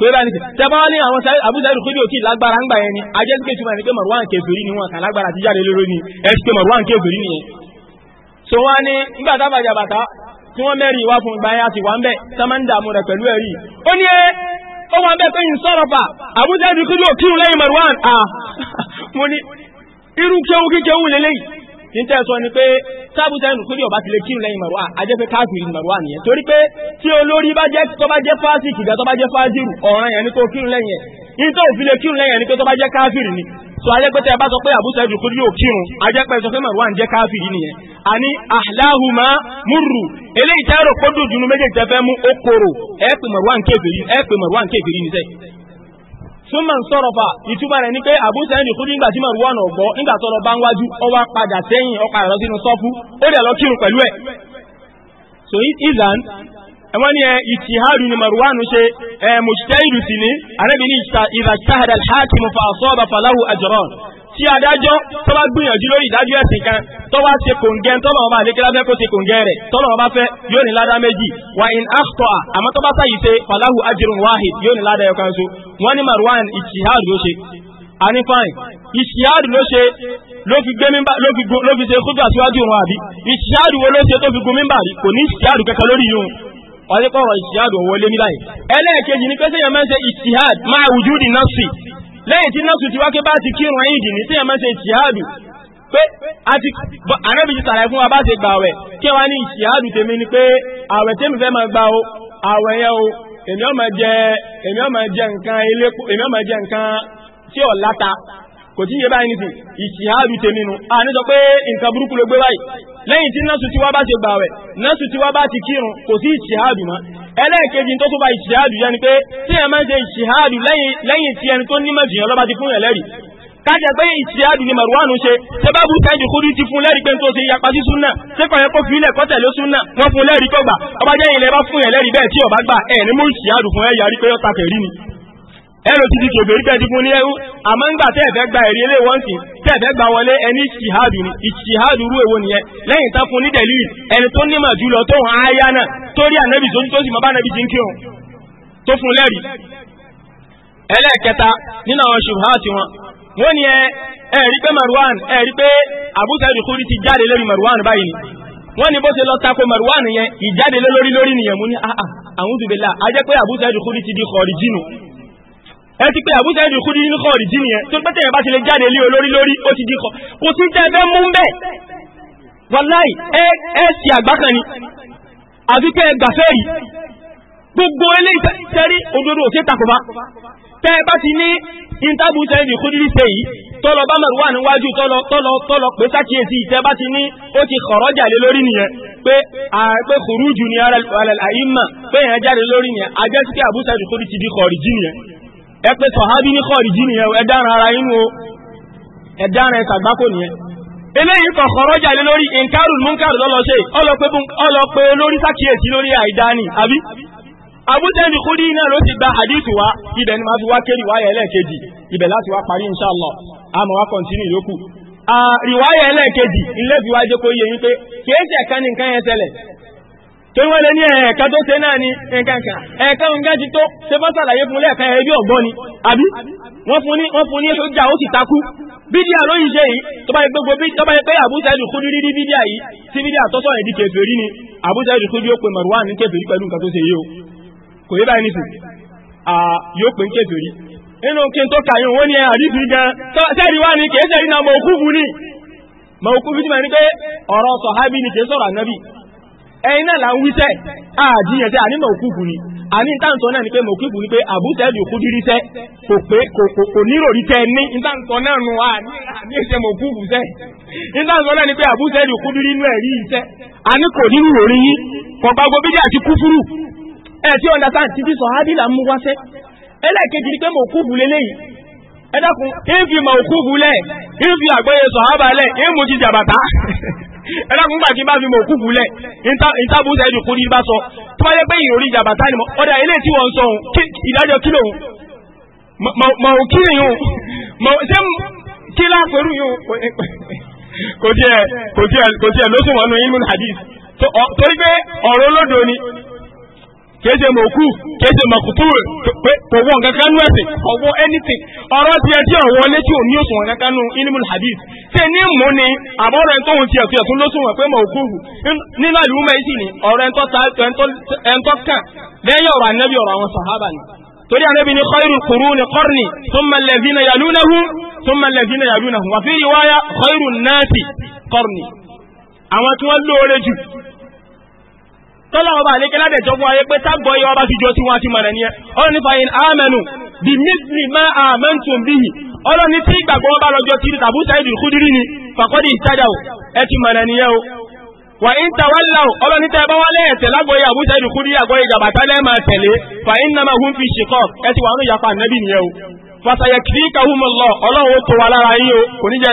pẹ́lá ní tẹ́bá ní àwọn abúzẹ́rù kúrò kí lágbára ń gbà yẹn ni ajẹ́ sí pé túnmọ̀ ní pé Marwan kèfèrí ni wọn kà lágbára ti jáde lórí ni ẹ̀sì pé Marwan kèfèrí ni yẹn so wọ́n ní nígbà tá bàjá bàtá tí wọ́n mẹ́rin wá fún gbáyà ti wà ń bẹ̀ sọ́mọ́ dààmú rẹ̀ pẹ̀lú ẹ̀rí ó ní ẹ́ ó wà ń bẹ̀ pé ìsọ̀rọ̀ ah, fà ní tẹ́ sọ ni pé tábùtà ẹnu kúrò ọba ti lè kírun lẹ́yìn Marwa ajẹ́ pé káàkiri ni Marwa nìyẹn torí pé tí olórí bá jẹ́ tó bá jẹ́ fásitì ìgbà tó bá jẹ́ fájìrù ọ̀ràn yẹn ni kó kírun lẹ́yìn ẹ̀ nítorí òfin lè kírun lẹ́yìn ẹ̀ ni pé tó bá jẹ́ káàkiri ni so ajẹ́ pé tẹ́ bá sọ pé àbúsà ẹnu kúrò kírun ajẹ́ pé sọ pé Marwa ń jẹ́ nìyẹn àní àhláhùmá múrù eléyìí tẹ́ kó dùn méjèèjì tẹ́ mú ó korò pè Marwa ń kéferì ẹ pè Marwa ń kéferì nìyẹn súnmọ̀ ń sọ̀rọ̀ fà ìtúbà rẹ̀ ní pé Abu Sa'id Khudri nígbà tí Marwan ọ̀gbọ́ nígbà tọrọ bá ń wájú ó wá padà sẹ́yìn ọpa ẹ̀rọ sínú sọ́fú ó lọ kírun pẹ̀lú ẹ̀ so izan ẹwọ́n ni ẹ ìtìhádù ni Marwan ṣe ẹ ni arẹ́bìnrin ìzàṣáhàdà al-hakim fa asaba falahu ajran tí adájọ́ tó bá gbìyànjú lórí ìdájọ́ ẹ̀sìn kan tó bá ṣe kòǹgẹ́ tọ́lọ̀ ọba àlékè lábẹ́ kó ṣe kòǹgẹ́ rẹ̀ tọ́lọ̀ ọba fẹ́ yóò ní ládá méjì wà in akhta'a àmọ́ tó bá sáyìí ṣe falahu ajrun wahid yóò ní ládá ẹ̀kan so wọ́n ní Marwan ìṣìhàdù ló ṣe àní fáìn ìṣìhàdù ló ṣe ló fi gbé mímbà ló fi ló fi ṣe kúgbà síwájú òun àbí ìṣìhàdù wo ló ṣe tó fi gun mímbà rí kò ní ìṣìhàdù kankan lórí yìí ọdún kọ̀ọ̀rọ̀ ìṣìhàdù ọ̀wọ́lé níláyìí ẹlẹ́ẹ̀kejì ni pé sẹ́yìn máa ń ṣe ìṣìhàdù máa wùjú dì náà sí lẹ́yìn tí nọ́ọ̀sù ti wá pé bá ti kírun ẹ̀yìn dì ní tí ẹ̀mọ́ ṣe jihadu pé ànábì ti sàlàyé fún wa bá ṣe gbà wẹ̀ kí wọ́n ní jihadu tèmi ni pé àwẹ̀ tèmi fẹ́ máa gbà àwẹ̀ yẹn o kò tí yé báyìí nìsín ìṣìhádù tèmínú a ní sọ pé nǹkan burúkú ló gbé báyìí lẹ́yìn tí nọ́ọ̀sù tiwa bá ṣe gbàwẹ̀ nọ́ọ̀sù tiwa bá ti kírun kò sí ìṣìhádù mọ́ ẹlẹ́ẹ̀kejì tó tó bá ìṣìhádù yẹn ni pé tí ẹ máa ń ṣe ìṣìhádù lẹ́yìn tí ẹni tó nímọ̀ jìyàn lọ́ba ti fún yẹn lẹ́rìí kájẹ pé ìṣìhádù ni Marwan ṣe ṣe bá burúkú ẹjù kúrú ti fún lẹ́rìí pé tó ṣe yapa sí súnà ṣé kọ̀ yẹn kó fi ilẹ̀ kọ́tẹ̀ ló súnà wọ́n fún lẹ́rìí tó gbà ọba jẹ́yìn lẹ́ fún yẹn lẹ́rìí bẹ́ẹ̀ tí ọba gbà ẹ̀ ní mú ìṣìhádù fún ẹ̀ yarí pé ó takẹ̀ rí ni ẹ̀rọ ti di kèbèrí tẹ́ ti fún ní ẹrú àmọ́ ń gbà tẹ́ẹ̀fẹ́ gba ẹ̀rí ilé wọ́n sì tẹ́ẹ̀fẹ́ gba wọlé ẹni ìṣìhádù ni ìṣìhádù rú èwo nìyẹn lẹ́yìn tán fún ní dẹ̀lí ẹni tó nímọ̀ tó hàn áyá náà torí tó tó sì mọ́ bá ti ń kírun tó fún lẹ́rí. ẹlẹ́ẹ̀kẹta nínú àwọn ṣùgbọ́n wọn wọ́n ẹ̀rí pé Marwan ẹ̀rí pé ti jáde lórí Marwan báyìí wọ́n ní bó ṣe lọ tako Marwan yẹn ìjáde lórí lórí nìyẹn mú pé ti di kọ̀ọ̀rì ẹ ti pé àbúṣe ẹ̀dùn kú nínú kọ́ọ̀dì jí nìyẹn tó pẹ́tẹ̀ yẹn bá ti lè jáde lé olórí lórí ó ti di kọ́ kò sí tẹ́ fẹ́ mú bẹ́ẹ̀ wàláì ẹ ẹ sì àgbákan ni àbí kẹ́ ẹ gbàfẹ́ yìí gbogbo eléyìí sẹ́rí òdodo òṣè takòbá tẹ́ ẹ bá ti ní intabuse ẹ̀dùn kú nínú ṣe yìí tọ́lọ bá mẹ́rù wà níwájú tọ́lọ tọ́lọ pé sákìyèsí ìtẹ́ bá ti ní ó ti kọ̀rọ̀ jàlé lórí nìyẹn pé àpé kùrú jù ní alàlàyé mà pé èèyàn jáde lórí nìyẹn ajẹ́sí àbúṣe ẹ̀dùn kú ti di kọ̀rì jí nìyẹn ẹ pé sọ̀hábí ní kọ̀rìjí nìyẹn ẹ̀dára ara inú o ẹ̀dára ẹ̀sà gbákò nìyẹn eléyìí kan kọ̀rọ̀ jàlé lórí ìǹkàrù múnkàrù lọ́lọ́ṣẹ́ ọlọ́pẹ́ lórí sákìyèsí lórí àìdáni àbí abútẹ́ni kúrí náà ló ti gba àdìtù wá ibẹ̀ ni máa fi wá kéèrè wáyà ẹlẹ́ẹ̀kejì ibẹ̀ láti wá parí inṣàlọ́ àmọ́ wá kọ̀ntínú ìyókù. àríwáyà ẹlẹ́ẹ̀kejì ilé fi wá jẹ́ kó yẹ yín pé kìí ní nǹkan yẹn tẹ́lẹ̀ tó wọ́n lè ní ẹ̀ẹ̀kan tó ṣe náà ni ẹ̀kankan ẹ̀ẹ̀kan tó ṣe bá ṣàlàyé fún lẹ́ẹ̀kan ẹbí ni àbí wọ́n fún ní wọ́n fún ó sì takú bídíà ló yìí ṣe yìí tó bá gbogbo bí tó bá yẹ pé àbúṣe ẹ̀dùn dị rírí bídíà yìí bídíà tó ìdí o kò yé báyìí nìsín yóò pe kèfèrí nínú kí n tó kà yín wọ́n ní gan sẹ́ẹ̀rì wá ní kèé sẹ́ẹ̀rì náà mọ̀ òkú ẹ̀yin náà là ń wíṣẹ́ àjíyàn tẹ́ àní ni àní ìtàǹtọ́ náà ni pé mọ̀kúkú ni pé àbúṣẹ́ ìlú kú dírí tẹ́ kò pé kò níròrí tẹ́ ní ìtàǹtọ́ náà nù àní ìṣe mọ̀kúkú ise. ìtàǹtọ́ náà ni pé àbúṣẹ́ ìlú kú ise. inú ẹ̀rí àní kò ní ríròrí yín kò gbàgbọ́ àti kúfúrú ẹ̀ tí ti fi sọ̀ ẹ dákun ìfi mọ̀kúfù lẹ̀ ìfi àgbẹ̀yẹ sọ̀hábà lẹ̀ ìmú jíjẹ bàtà ẹ dákun gbà kí bá fi mọ̀kúfù lẹ̀ ìtàbù sẹ́yìn kú ní bá sọ tó bá pé ìròrí ìjà bàtà ni ọ̀dà ilé tí wọ́n sọ ìdájọ́ kí lòun mọ̀kúrì yòun ṣé kí lápẹ̀rù yòun kò tiẹ̀ kò tiẹ̀ lóṣùwọ̀n nù ilmu hadith torí pé ọ̀rọ̀ ni kìí ṣe mọ̀kú kìí ṣe mọ̀kútúrò pé kò wọ́n kankan nú ẹ̀sìn ọ̀wọ́ anything ọ̀rọ̀ tiẹ̀ tí ọ̀wọ́ létí ò ní òṣùwọ̀n kankan nú inimul hadith ṣe ní mú ni àbọ̀rọ̀ ẹ̀ńtọ́ ohun tiẹ̀ tiẹ̀ tún lóṣùwọ̀n pé mọ̀kú nínú àlùmọ́ mẹ́rin sì ni ọ̀rọ̀ ẹ̀ńtọ́ kàn lẹ́yìn ọ̀rọ̀ ànábì ọ̀rọ̀ àwọn sàhábà ni torí ànábì ni khairul hu, qarni thumma alladhina yalunahum thumma alladhina yalunahum wa fi riwaya khairun nasi qarni àwọn tí wọ́n lóore jù tọ́lá ọba àlékẹ́ ládẹ̀jọ́ fún ayé pé tágbọ́ yọ ọba tíjọ tí wọ́n ti mọ̀rẹ̀ ní ẹ ọlọ́ni fàyín àmẹ́nu bí mísìlì máa àmẹ́ntùn bíyì ọlọ́ni tí ìgbàgbọ́ ọba lọ́jọ́ tí tàbú sáìdì kúdírí ni fàkọ́dì ìtajà ò ẹ ti mọ̀rẹ̀ ní ẹ o wà ń ta wọ́n láwọ̀ ọlọ́ni tẹ́ bá wọ́n lẹ́ẹ̀tẹ̀ lágbóyè Abu Said Khudri àgbóyè gàbàtà lẹ́ẹ̀mà tẹ̀lé fa innama hum fi shiqaq ẹ ti wà ní ìyapa nẹ́bì ni o fasayẹ kiri kahumullah ọlọ́run ó tó wa lára yín o kò ní jẹ́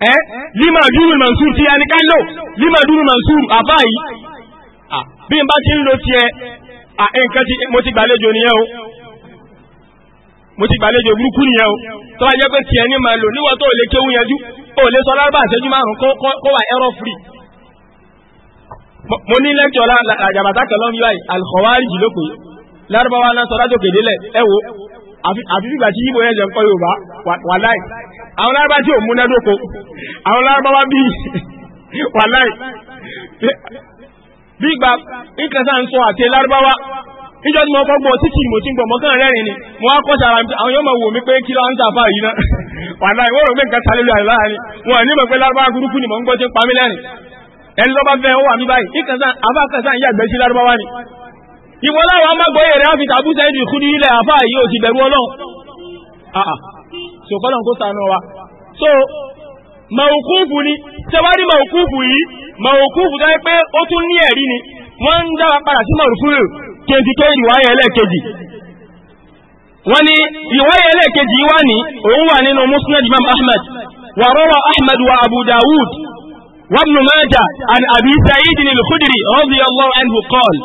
Eh? lima dúró mansur ti ẹni kálò lima dúró mansur àbá yìí ah, bí n bá ti ń lo tiẹ̀ ah, nǹkan tí mo ti gbàlejò nìyẹn o mo ti gbàlejò burúkú nìyẹn o tó bá jẹ́ pé tiẹ̀ ní màá lò níwọ̀n tó lè kéwú yanjú ó lè sọ lárúbá àṣẹjú márùn kó wà error free mo ní lẹ́jọ́ àjàbàtà kẹlọ́mí báyìí alkhawarij lóko lárúbáwá náà sọ lájòkè délẹ̀ ẹ wo àfi bí gbàtí yíbo yẹn jẹ ń kọ́ yorùbá wà láì àwọn lárúbá tí ò múnádóko àwọn lárúbá wá bí wà láì bí gba nǹkan sáà ń sọ àti lárúbáwá níjọ́ tí mo kọ́ gbọ́ títí mo ti ń gbọ́ mọ́ kàn rẹ́rìn ni mo wá kọ́ sára àwọn yóò máa wò mí pé kí ló ń sàfà yìí ná wà láì wọ́n rò pé nǹkan sálẹ́lú àìlá ni wọn ò ní mọ̀ pé lárúbáwá burúkú ni mò ń gbọ́ tí ń pa mí lẹ́rìn ẹni lọ́ba fẹ́ ó wà mí báyìí nǹkan sáà àbá kan sáà ni ìwọ láwọn amágbọ́yẹ̀ rẹ̀ áfi tàbú sẹ́yìn ìkú ní ilẹ̀ àfá yìí ò ti bẹ̀rù ọlọ́run àà tí ni tẹwárí ẹlẹ́ẹ̀kejì wọ́n ní òun wà nínú musnad imam ahmed wa rawa ahmed wa abu dawud wa ibn majah an abi sa'id al-khudri radiyallahu anhu qala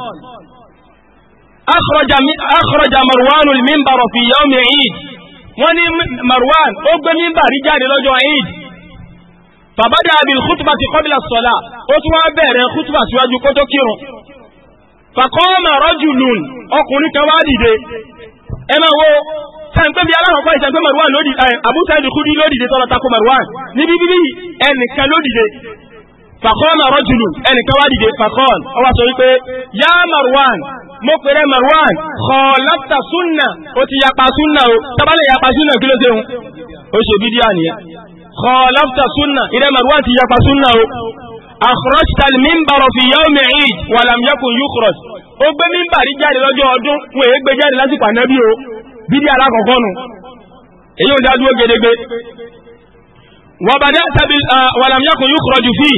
akhraja marwan al-minbar fi yawm eid wọ́n ní marwan ó gbé minbar jáde lọ́jọ́ eid fàbádà bil khutbati qabla as-salah ó tún wá bẹ̀rẹ̀ khutba síwájú kó tó kírun faqama rajulun ọkùnrin kan wá dìde ẹmọ wo sàǹpé bí aláwọ̀kọ́ ìsàǹpé marwan lódì Abu Sa'id Khudri lódìde tọ́lọ tako marwan ní bíbí ẹnìkan lódìde faqama rajulun ẹnìkan wá dìde faqala ó wá sọ wípé ya marwan mo pèrè Marwan kọ̀ọ̀láta súnà ó ti yapa súnà o tábàlẹ̀ yapa súnà kí ló ṣeun ó ṣe bídíà nìyẹn kọ̀ọ̀láta súnà ìrẹ́ Marwan ti yapa súnà o akhrajta mímbàrọ̀ fi yawmi Eid wà làmúyẹ́kùn yukhraj ó gbé mímbàrí jáde lọ́jọ́ ọdún wọn èé gbé jáde lásìkò ànábì o bídíà alákọ̀ọ́kọ́ nu èyí ò dá dúró gedegbe wàbàdà tàbí ah, wà làmúyẹ́kùn yukhraj fíì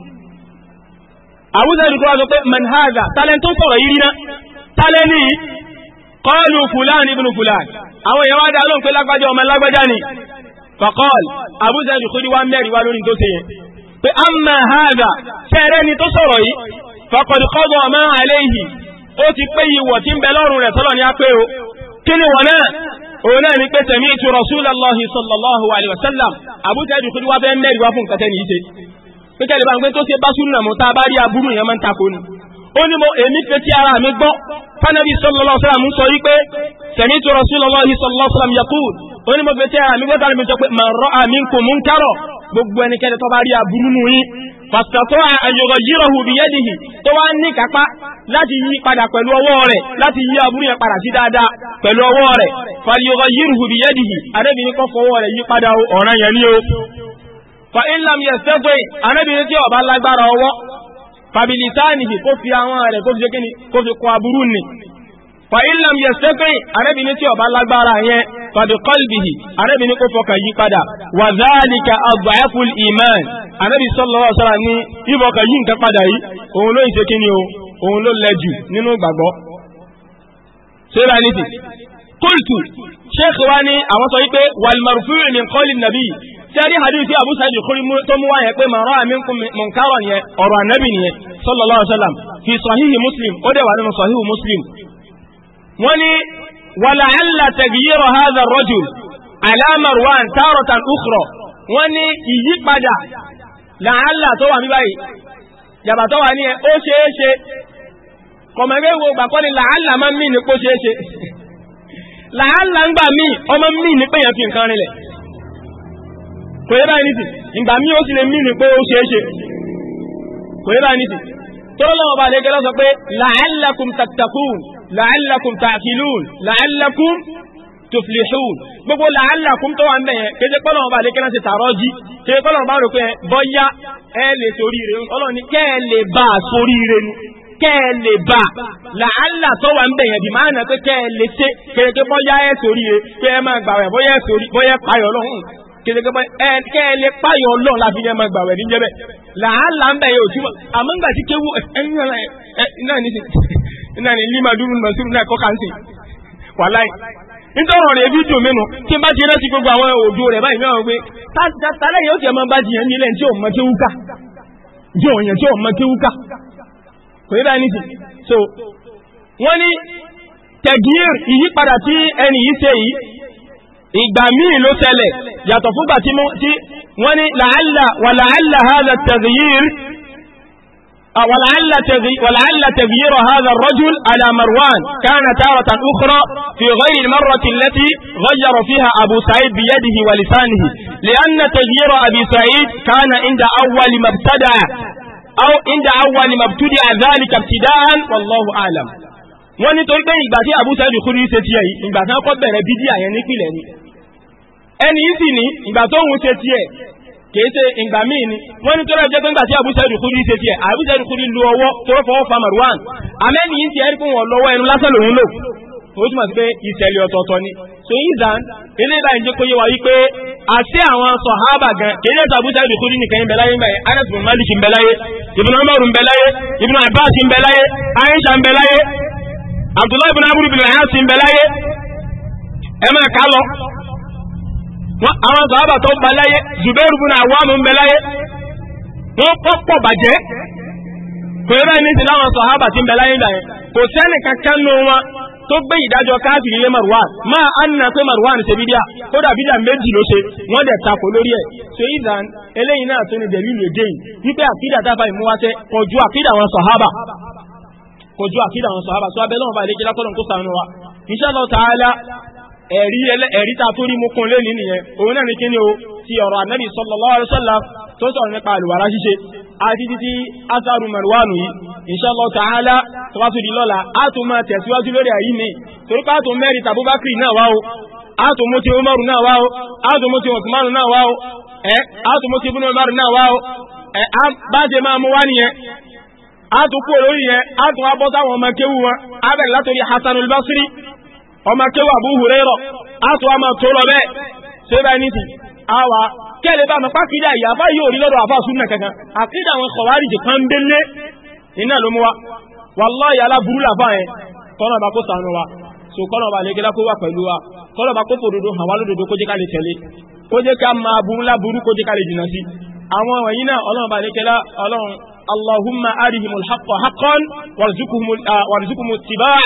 àwúzẹ́rì tó wá sọ pé manhaza tálẹ́ tó sọ̀rọ̀ yìí ríná tálẹ́ ní kọlu fulan ibn fulan àwọn èèyàn wá dá lóhùn pé lágbájá ọmọ lágbájá ni faqal àwúzẹ́rì kúrí wá mẹ́rin wá lórí tó ṣe yẹn pé amma haza tẹ́rẹ́ ni tó sọ̀rọ̀ yìí faqad qada ma ó ti pé ìwọ̀ tí ń bẹ lọ́rùn rẹ̀ sọ́lọ̀ ni a pé o kí ni wọ̀n náà òun náà ni pé tẹ̀mí ìtura rasulallahi sallallahu alayhi àbújá ìdìkúrí wá fẹ́ mẹ́rin wá fún nǹkan tẹ́ pé kẹ́lẹ̀ bá ń pé tó ṣe bá súnà mú tá a bá rí aburú yẹn máa ń takò ni ó ní mo èmi fẹ́ tí ara mi gbọ́ fanabi sallallahu alaihi wasallam sọ wípé sẹ̀mí tó rasulullahi sallallahu alaihi wasallam yaqul ó ní mo fẹ́ ara mi gbọ́ tá a mi sọ pé man ra'a minkum munkaran gbogbo ẹnikẹ́ni tó bá rí aburú nù yín fàṣàtọ́ àyọ̀rọ̀ yíròhù bí yẹ́dìhì tó wá ní kápá láti yí padà pẹ̀lú ọwọ́ rẹ̀ láti yí aburú yẹn padà sí dáadáa pẹ̀lú ọwọ́ rẹ̀ fàyọ̀rọ̀ yíròhù bí yẹ́dìhì adébìnrin kọ́ fọwọ́ rẹ̀ yí padà ọ̀ràn yẹn ní o fa in lam yastati anábìrin tí ọba lágbára ọwọ́ fabilisanihi kó fi àwọn rẹ̀ kó fi ṣe kíni kó fi kọ aburú ni fa in lam yastati anábìrin ọba lágbára yẹn fàbí kọlbìhì anábìrin kó fọkàn yí padà wà záàlìkà iman anábì sallallahu alaihi wasallam ní ìfọkàn yí nǹkan padà yìí òun ló ń ṣe o òun ló lẹ́jù nínú ìgbàgbọ́ ṣé bá ní sheikh wa ni àwọn sọ wípé wal marfu' min qawli nabi sẹ́rí hadithi abu sa'id al-khudri tó mú wáyé pé màrọ́ àmì mùnkárọ̀ yẹn ọ̀rọ̀ ànábì nìyẹn sallallahu alaihi wasallam fi sahihi muslim ó dẹ̀ wà nínú sahihi muslim. wọ́n ní wàlàyànlá tagyiru hadha ar-rajul ala marwan taratan ukhra wọ́n ní ìyípadà làálà tó wà bíbáyìí yàbà tó wà ní ẹ ó ṣeé ṣe kọ̀mọ̀gẹ́ wo gbàkọ́ ni làálà máa ń mí ní pó ṣeé ṣe làálà ń gbà mí ọmọ mí ní pé yẹn fi nǹkan rinlẹ̀ kò yẹ báyìí nìsí ìgbà mí ó sì lè mìíràn pé ó ṣeéṣe kò yẹ báyìí nìsí tọ́lọ́ lọ́wọ́ bá lẹ́gẹ́lá sọ pé la'allakum tattaqun la'allakum ta'qilun la'allakum tuflihun gbogbo la'allakum tó wà ń bẹ̀yẹn kéde pọ́lọ́ wọn bá lẹ́gẹ́lá ṣe tààrọ́ jí kéde pọ́lọ́ wọn bá rò pé bọ́yá ẹ lè torí rẹ ọlọ́run ni kẹ́ ẹ lè bá a sórí rẹ nu kẹ́ ẹ lè bá làálà tó wà ń bẹ̀yẹn bí máa nà pé kẹ́ ẹ lè ṣe kéde pé bọ́yá ẹ torí rẹ pé ẹ máa gbà kẹlẹ́gẹ́ bá ẹ kẹ́ ẹ lè páyọ̀ ọlọ́run láti ní ẹ máa gbàwẹ̀ ní jẹ́bẹ̀ làálà ń bẹ̀ yóò túmọ̀ àmọ́ ńgbà tí kéwú ẹ̀yìn náà ní náà ní lima dúró nà sínú náà kọ́ka ń sìn wàláì nítorí ọ̀rẹ́ fídíò mẹ́nu tí bá ti rántí gbogbo àwọn òdo rẹ̀ báyìí náà pé tálẹ̀ yóò tiẹ̀ máa bá jiyàn nílẹ̀ tí ò mọ kéwú ká tí ò mọ so wọ́n ní tẹ̀gíyìr ìyípadà tí ẹnì yìí ṣe ìgbà míì ló tẹ̀lẹ̀ yàtọ̀ fúngbà tí wọ́n ní làálà wàlàálà hádà tẹ̀gìyìr ولعل تغيير هذا الرجل على مروان كان تارة أخرى في غير المرة التي غير فيها أبو سعيد بيده ولسانه لأن تغيير أبي سعيد كان عند أول ما ابتدع أو عند أول ما ابتدع ذلك ابتداء والله أعلم wọ́n nítorí pé ìgbà tí Abu Sa'id Khudri ṣe tiẹ̀ yìí ìgbà tí wọ́n kọ́ bẹ̀rẹ̀ bídíà yẹn nípìnlẹ̀ ni ẹni yìí sì ní ìgbà tó ń ṣe tiẹ̀ kìí ṣe ìgbà míì ni wọ́n ní tọ́lá jẹ́ pé nígbà tí Abu Sa'id Khudri ṣe tiẹ̀ Abu Sa'id Khudri lu ọwọ́ tó fọwọ́ fa Marwan amẹ́ni yìí ti ẹ̀rí fún wọn lọ́wọ́ ẹnu lásán lòun lò tó túmọ̀ sí pé ìṣẹ̀lẹ̀ ọ̀tọ̀ọ̀tọ̀ ni so ìzàn ilé ìbá ìjẹ́ kó yé wa wípé àti àwọn sọ̀hábà gan kìí ṣe Abu Sa'id Khudri nìkan ń bẹ láyé ńbẹ Anas bin Malik ń bẹ láyé Ibn Umar ń bẹ láyé Ibn Abbas ń bẹ láyé Aisha ń bẹ láyé abdullahi bin abudu bin ayasi ń bẹ láyé ẹ máa kà lọ àwọn sàábà tó ń bẹ láyé zubairu bin awamu ń bẹ láyé wọ́n pọ̀ bàjẹ́ kò yẹ báyìí ní ti láwọn sàábà tí ń bẹ láyé báyìí kò sẹ́ni kankan nù wọn tó gbé ìdájọ́ káàkiri lé marwan máa anna pé marwan ṣe bídíà kódà bídíà méjì ló ṣe wọ́n dẹ̀ takò lórí ẹ̀ so ìdán eléyìí náà tún ní dẹ̀lú ìlú èdè yìí wípé àkídà tábà kò ju àkídà àwọn sọ̀hábà sọ abẹ́ lọ́wọ́ bá ilé jẹ́lá kọ́lọ̀ kó sànú wa insha Allah ta'ala ẹ̀rí ẹ̀rí ta tó rí mú kún lẹ́ni nìyẹn òun náà ní kíni o ti ọ̀rọ̀ sallallahu alaihi wasallam tó sọ̀rọ̀ nípa àlùwàrá ṣíṣe àti títí asaru bá tún a tún máa tẹ̀síwájú lórí àyí mi torí pé a tún mẹ́rin tàbúbákìrì náà wá o a tún mú ti umaru náà wá o a tún mú ti osmanu náà wá o ẹ a tún mú ti ibùnú umaru náà máa mú wá nìyẹn a tún kú olórí yẹn a tún wá bọ́ sáwọn ọmọ kéwù wọn a bẹ̀rẹ̀ látòrí Hasanul Basri ọmọ kéwù Abu Hurairah a tún wá máa tó lọ bẹ́ẹ̀ ṣé bá ní ti àwà kẹ́lẹ̀ bá mọ̀ pákídà ìyàfá yóò rí lọ́dọ̀ àfá súnmọ̀ kankan àkídà àwọn kọ̀wárìjì kan délé iná ló mú wa wallahi aláburú làfá yẹn kọ́nà bá kó sànú wa so kọ́nà bá lè gẹ́lá kó wà pẹ̀lú wa kọ́nà bá kó fòdodo hàn wá lódodo kó jẹ́ ká lè tẹ̀lé kó jẹ́ ká máa burú láburú kó jẹ́ ká lè jìnà sí àwọn wọ̀nyí náà ọlọ́run bá lékẹ́lá ọlọ́run allahumma arihimul haqqa haqqan warzukumul tiba'a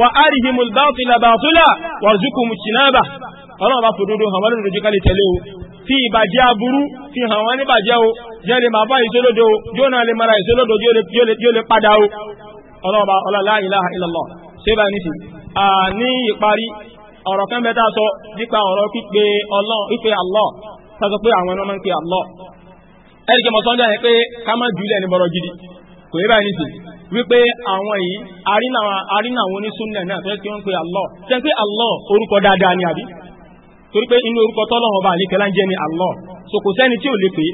wa arihimul batila batila warzukumul tinaba ọlọ́run bá fòdodo hàn wọ́n lódodo ká lè tẹ̀lé o fi ìbàjẹ́ aburú fi hàn wọ́n níbàjẹ́ o jẹ́ lè máa bá ìṣólódo o yóò náà lè mara ìṣólódo yóò lè padà o ọlọ́run bá ọlọ́run la ilaha illallah bá ní ní ìparí ọ̀rọ̀ kan bẹ́ẹ̀ sọ nípa ọ̀rọ̀ pípe ọlọ́run pípe Allah sọ pé àwọn ẹni máa ń pe Allah ẹ̀ríkẹ́ mọ̀ a yẹn pé ká má jùlẹ̀ ní bọ̀rọ̀ gidi kò yẹ báyìí nìsí wípé àwọn yìí arínà àwọn onísúnnà náà tó yẹ kí wọ́n pe Allah tẹ́ pé Allah orúkọ dáadáa ni àbí torí pé inú orúkọ tọ́lọ́wọ́ bá àlékẹ́ láńjẹ́ ni Allah so kò sẹ́ni tí ò lè pè é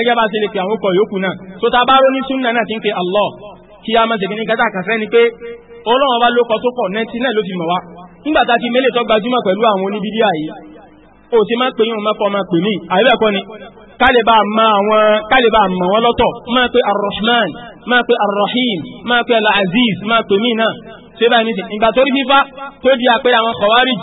ẹgẹ́ bá ṣe lè pe àwọn ọkọ̀ yòókù so ta bá róní súnnà náà ti ń pe a máa ṣe ni pé ọlọ́wọ́ bá ló kálíbà mọ àwọn kálíbà mọ wọn lọ́tọ̀ máa pe arrahman máa pe arrahim máa pe alaziz máa pe mina ṣé báyìí ní ti ìgbà tó rí fífa tó di àpẹẹrẹ àwọn kọ̀wárì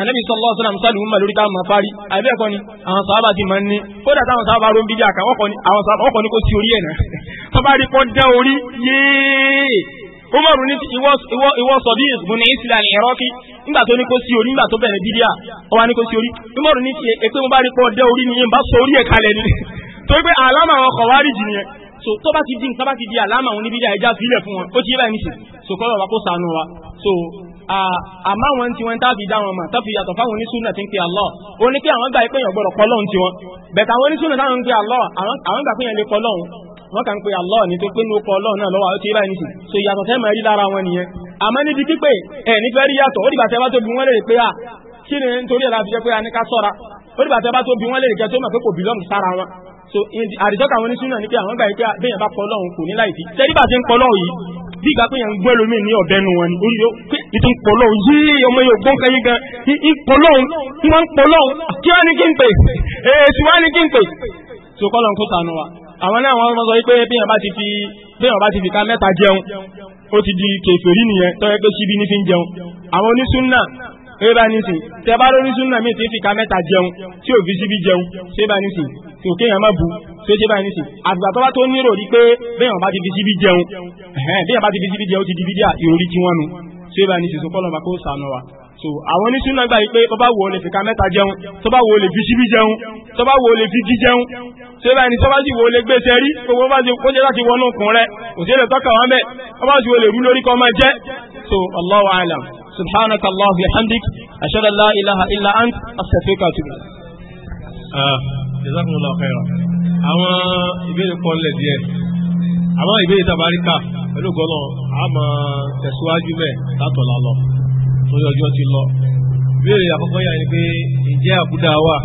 anabi sallallahu alaihi wasallam sálùmù lórí ká máa parí àbí ẹ̀kọ́ ni àwọn sàhábà ti máa ń ní kódà táwọn sàhábà rò ń bíjà kan àwọn sàhábà ọkọ̀ ni kò sí orí ẹ̀ náà tó bá rí kọ́ dán orí yéé umaru ní ìwọ sọ̀bí ìbùnú islam iraki nígbà tó ní kó sí orí nígbà tó bẹ̀rẹ̀ bídíà ó wá ní kó sí orí ìmọ̀rún ní tiẹ̀ èpè mo bá rí pọ̀ dẹ́ orí nìyẹn bá sọ orí ẹ̀ kalẹ̀ ni pé àlámà àwọn ọkọ̀ wárí jì nìyẹn so tó bá ti di nǹkan bá ti di àlámà àwọn oníbídíà ẹja sílẹ̀ fún wọn ó ti yé báyìí nìṣe so kọ́ lọ́wọ́ kó sànù wa so àmọ́ àwọn tí wọ́n ń tábì dá wọn mà tábì yàtọ̀ fáwọn onísùnà tí ń pe Allah ó àwọn gbà pé èèyàn gbọ́dọ̀ pọ́ lọ́hùn tiwọn bẹ̀tà àwọn onísùnà táwọn ń pe Allah àwọn gbà pé èèyàn lè pọ́ lọ́hùn wọ́n kàn pé Allah ní tó pé ní ọkọ̀ Allah náà lọ́wọ́ àti ìlà ìníṣì so ìyàtọ̀ tẹ́ máa rí lára wọn nìyẹn àmọ́ níbi pípé ẹ̀ nífẹ̀ẹ́ rí yàtọ̀ ó dìgbà tẹ́ bá tó bí wọ́n lè pé à kí ni nítorí ẹ̀ láti jẹ́ pé a ní ká sọ́ra ó dìgbà tẹ́ bá tó bí wọ́n lè jẹ́ tó mọ̀ pé kò bìlọ́mù sára wọn so àdìsọ́kà wọn ní súnà ní pé àwọn gbà pé bẹ́ẹ̀ bá pọ̀ lọ́hùn kò ní láìsí tẹ́lí bá ti ń pọ̀ lọ́hùn yìí bí ìgbà pé yẹn ń gbọ́ lómi ní ọ̀bẹ nu wọn ni ó pé ìtún pọ̀ lọ́hùn yìí ọmọ yóò gbọ́n kẹ́yìn gan ń pọ̀ lọ́hùn ń wọ́n ń pọ̀ lọ́hùn kí wọ́n ní kí n pè èsì wọ́n ní kí n pè so kọ́ lọ́hùn kó sànù wa àwọn náà wọ́n sọ pé bí wọ́n bá ti fi bí wọ́n bá ti fi ká mẹ́ta jẹun ó ti di kèfèrí nìyẹn tó yẹ pé síbi ní fi ń jẹun àwọn onísúnnà ṣé bá nísì bá lórí súnnà míì ti fi ká mẹ́ta jẹun tí ò fi síbi jẹun ṣé bá nísì tí ò kéèyàn má bu ṣé ṣé bá nísì àgbà tó bá tó nírò rí pé bí wọ́n bá ti fi síbi jẹun bí wọ́n bá ti fi síbi jẹun ti di bídíà ìròrí tí wọ́n nu ṣé bá nísì sọ so àwọn onísúnà gbà wípé bọ́bá wo lè fìkà mẹ́ta jẹun tó bá wo lè fi ṣíbí jẹun tó bá wo lè fi jí jẹun tó bá ẹni tó bá sì wo lè gbé sẹ́rí gbogbo bá ti kójẹ́ láti wọnú ọkùn rẹ kò sí lè tọ́ka wọn bẹ́ẹ̀ wọ́n bá sì wo lè rú lórí kọ́ máa jẹ́ so Allahu alam subhanaka Allahu bihamdik ashhadu an la ilaha illa ant astaghfiruka wa atubu ah, jazakumullahu khairan àwọn ìbéèrè kan lẹ̀ díẹ̀ àwọn ìbéèrè tabarika pẹ̀lú gọ́nà àmọ́ tẹ̀síwájú bẹ́ẹ̀ látọ̀lá torí ọjọ́ ti lọ ìbéèrè àkọ́kọ́ yà ni pé ìjẹ́ àkúdà wà.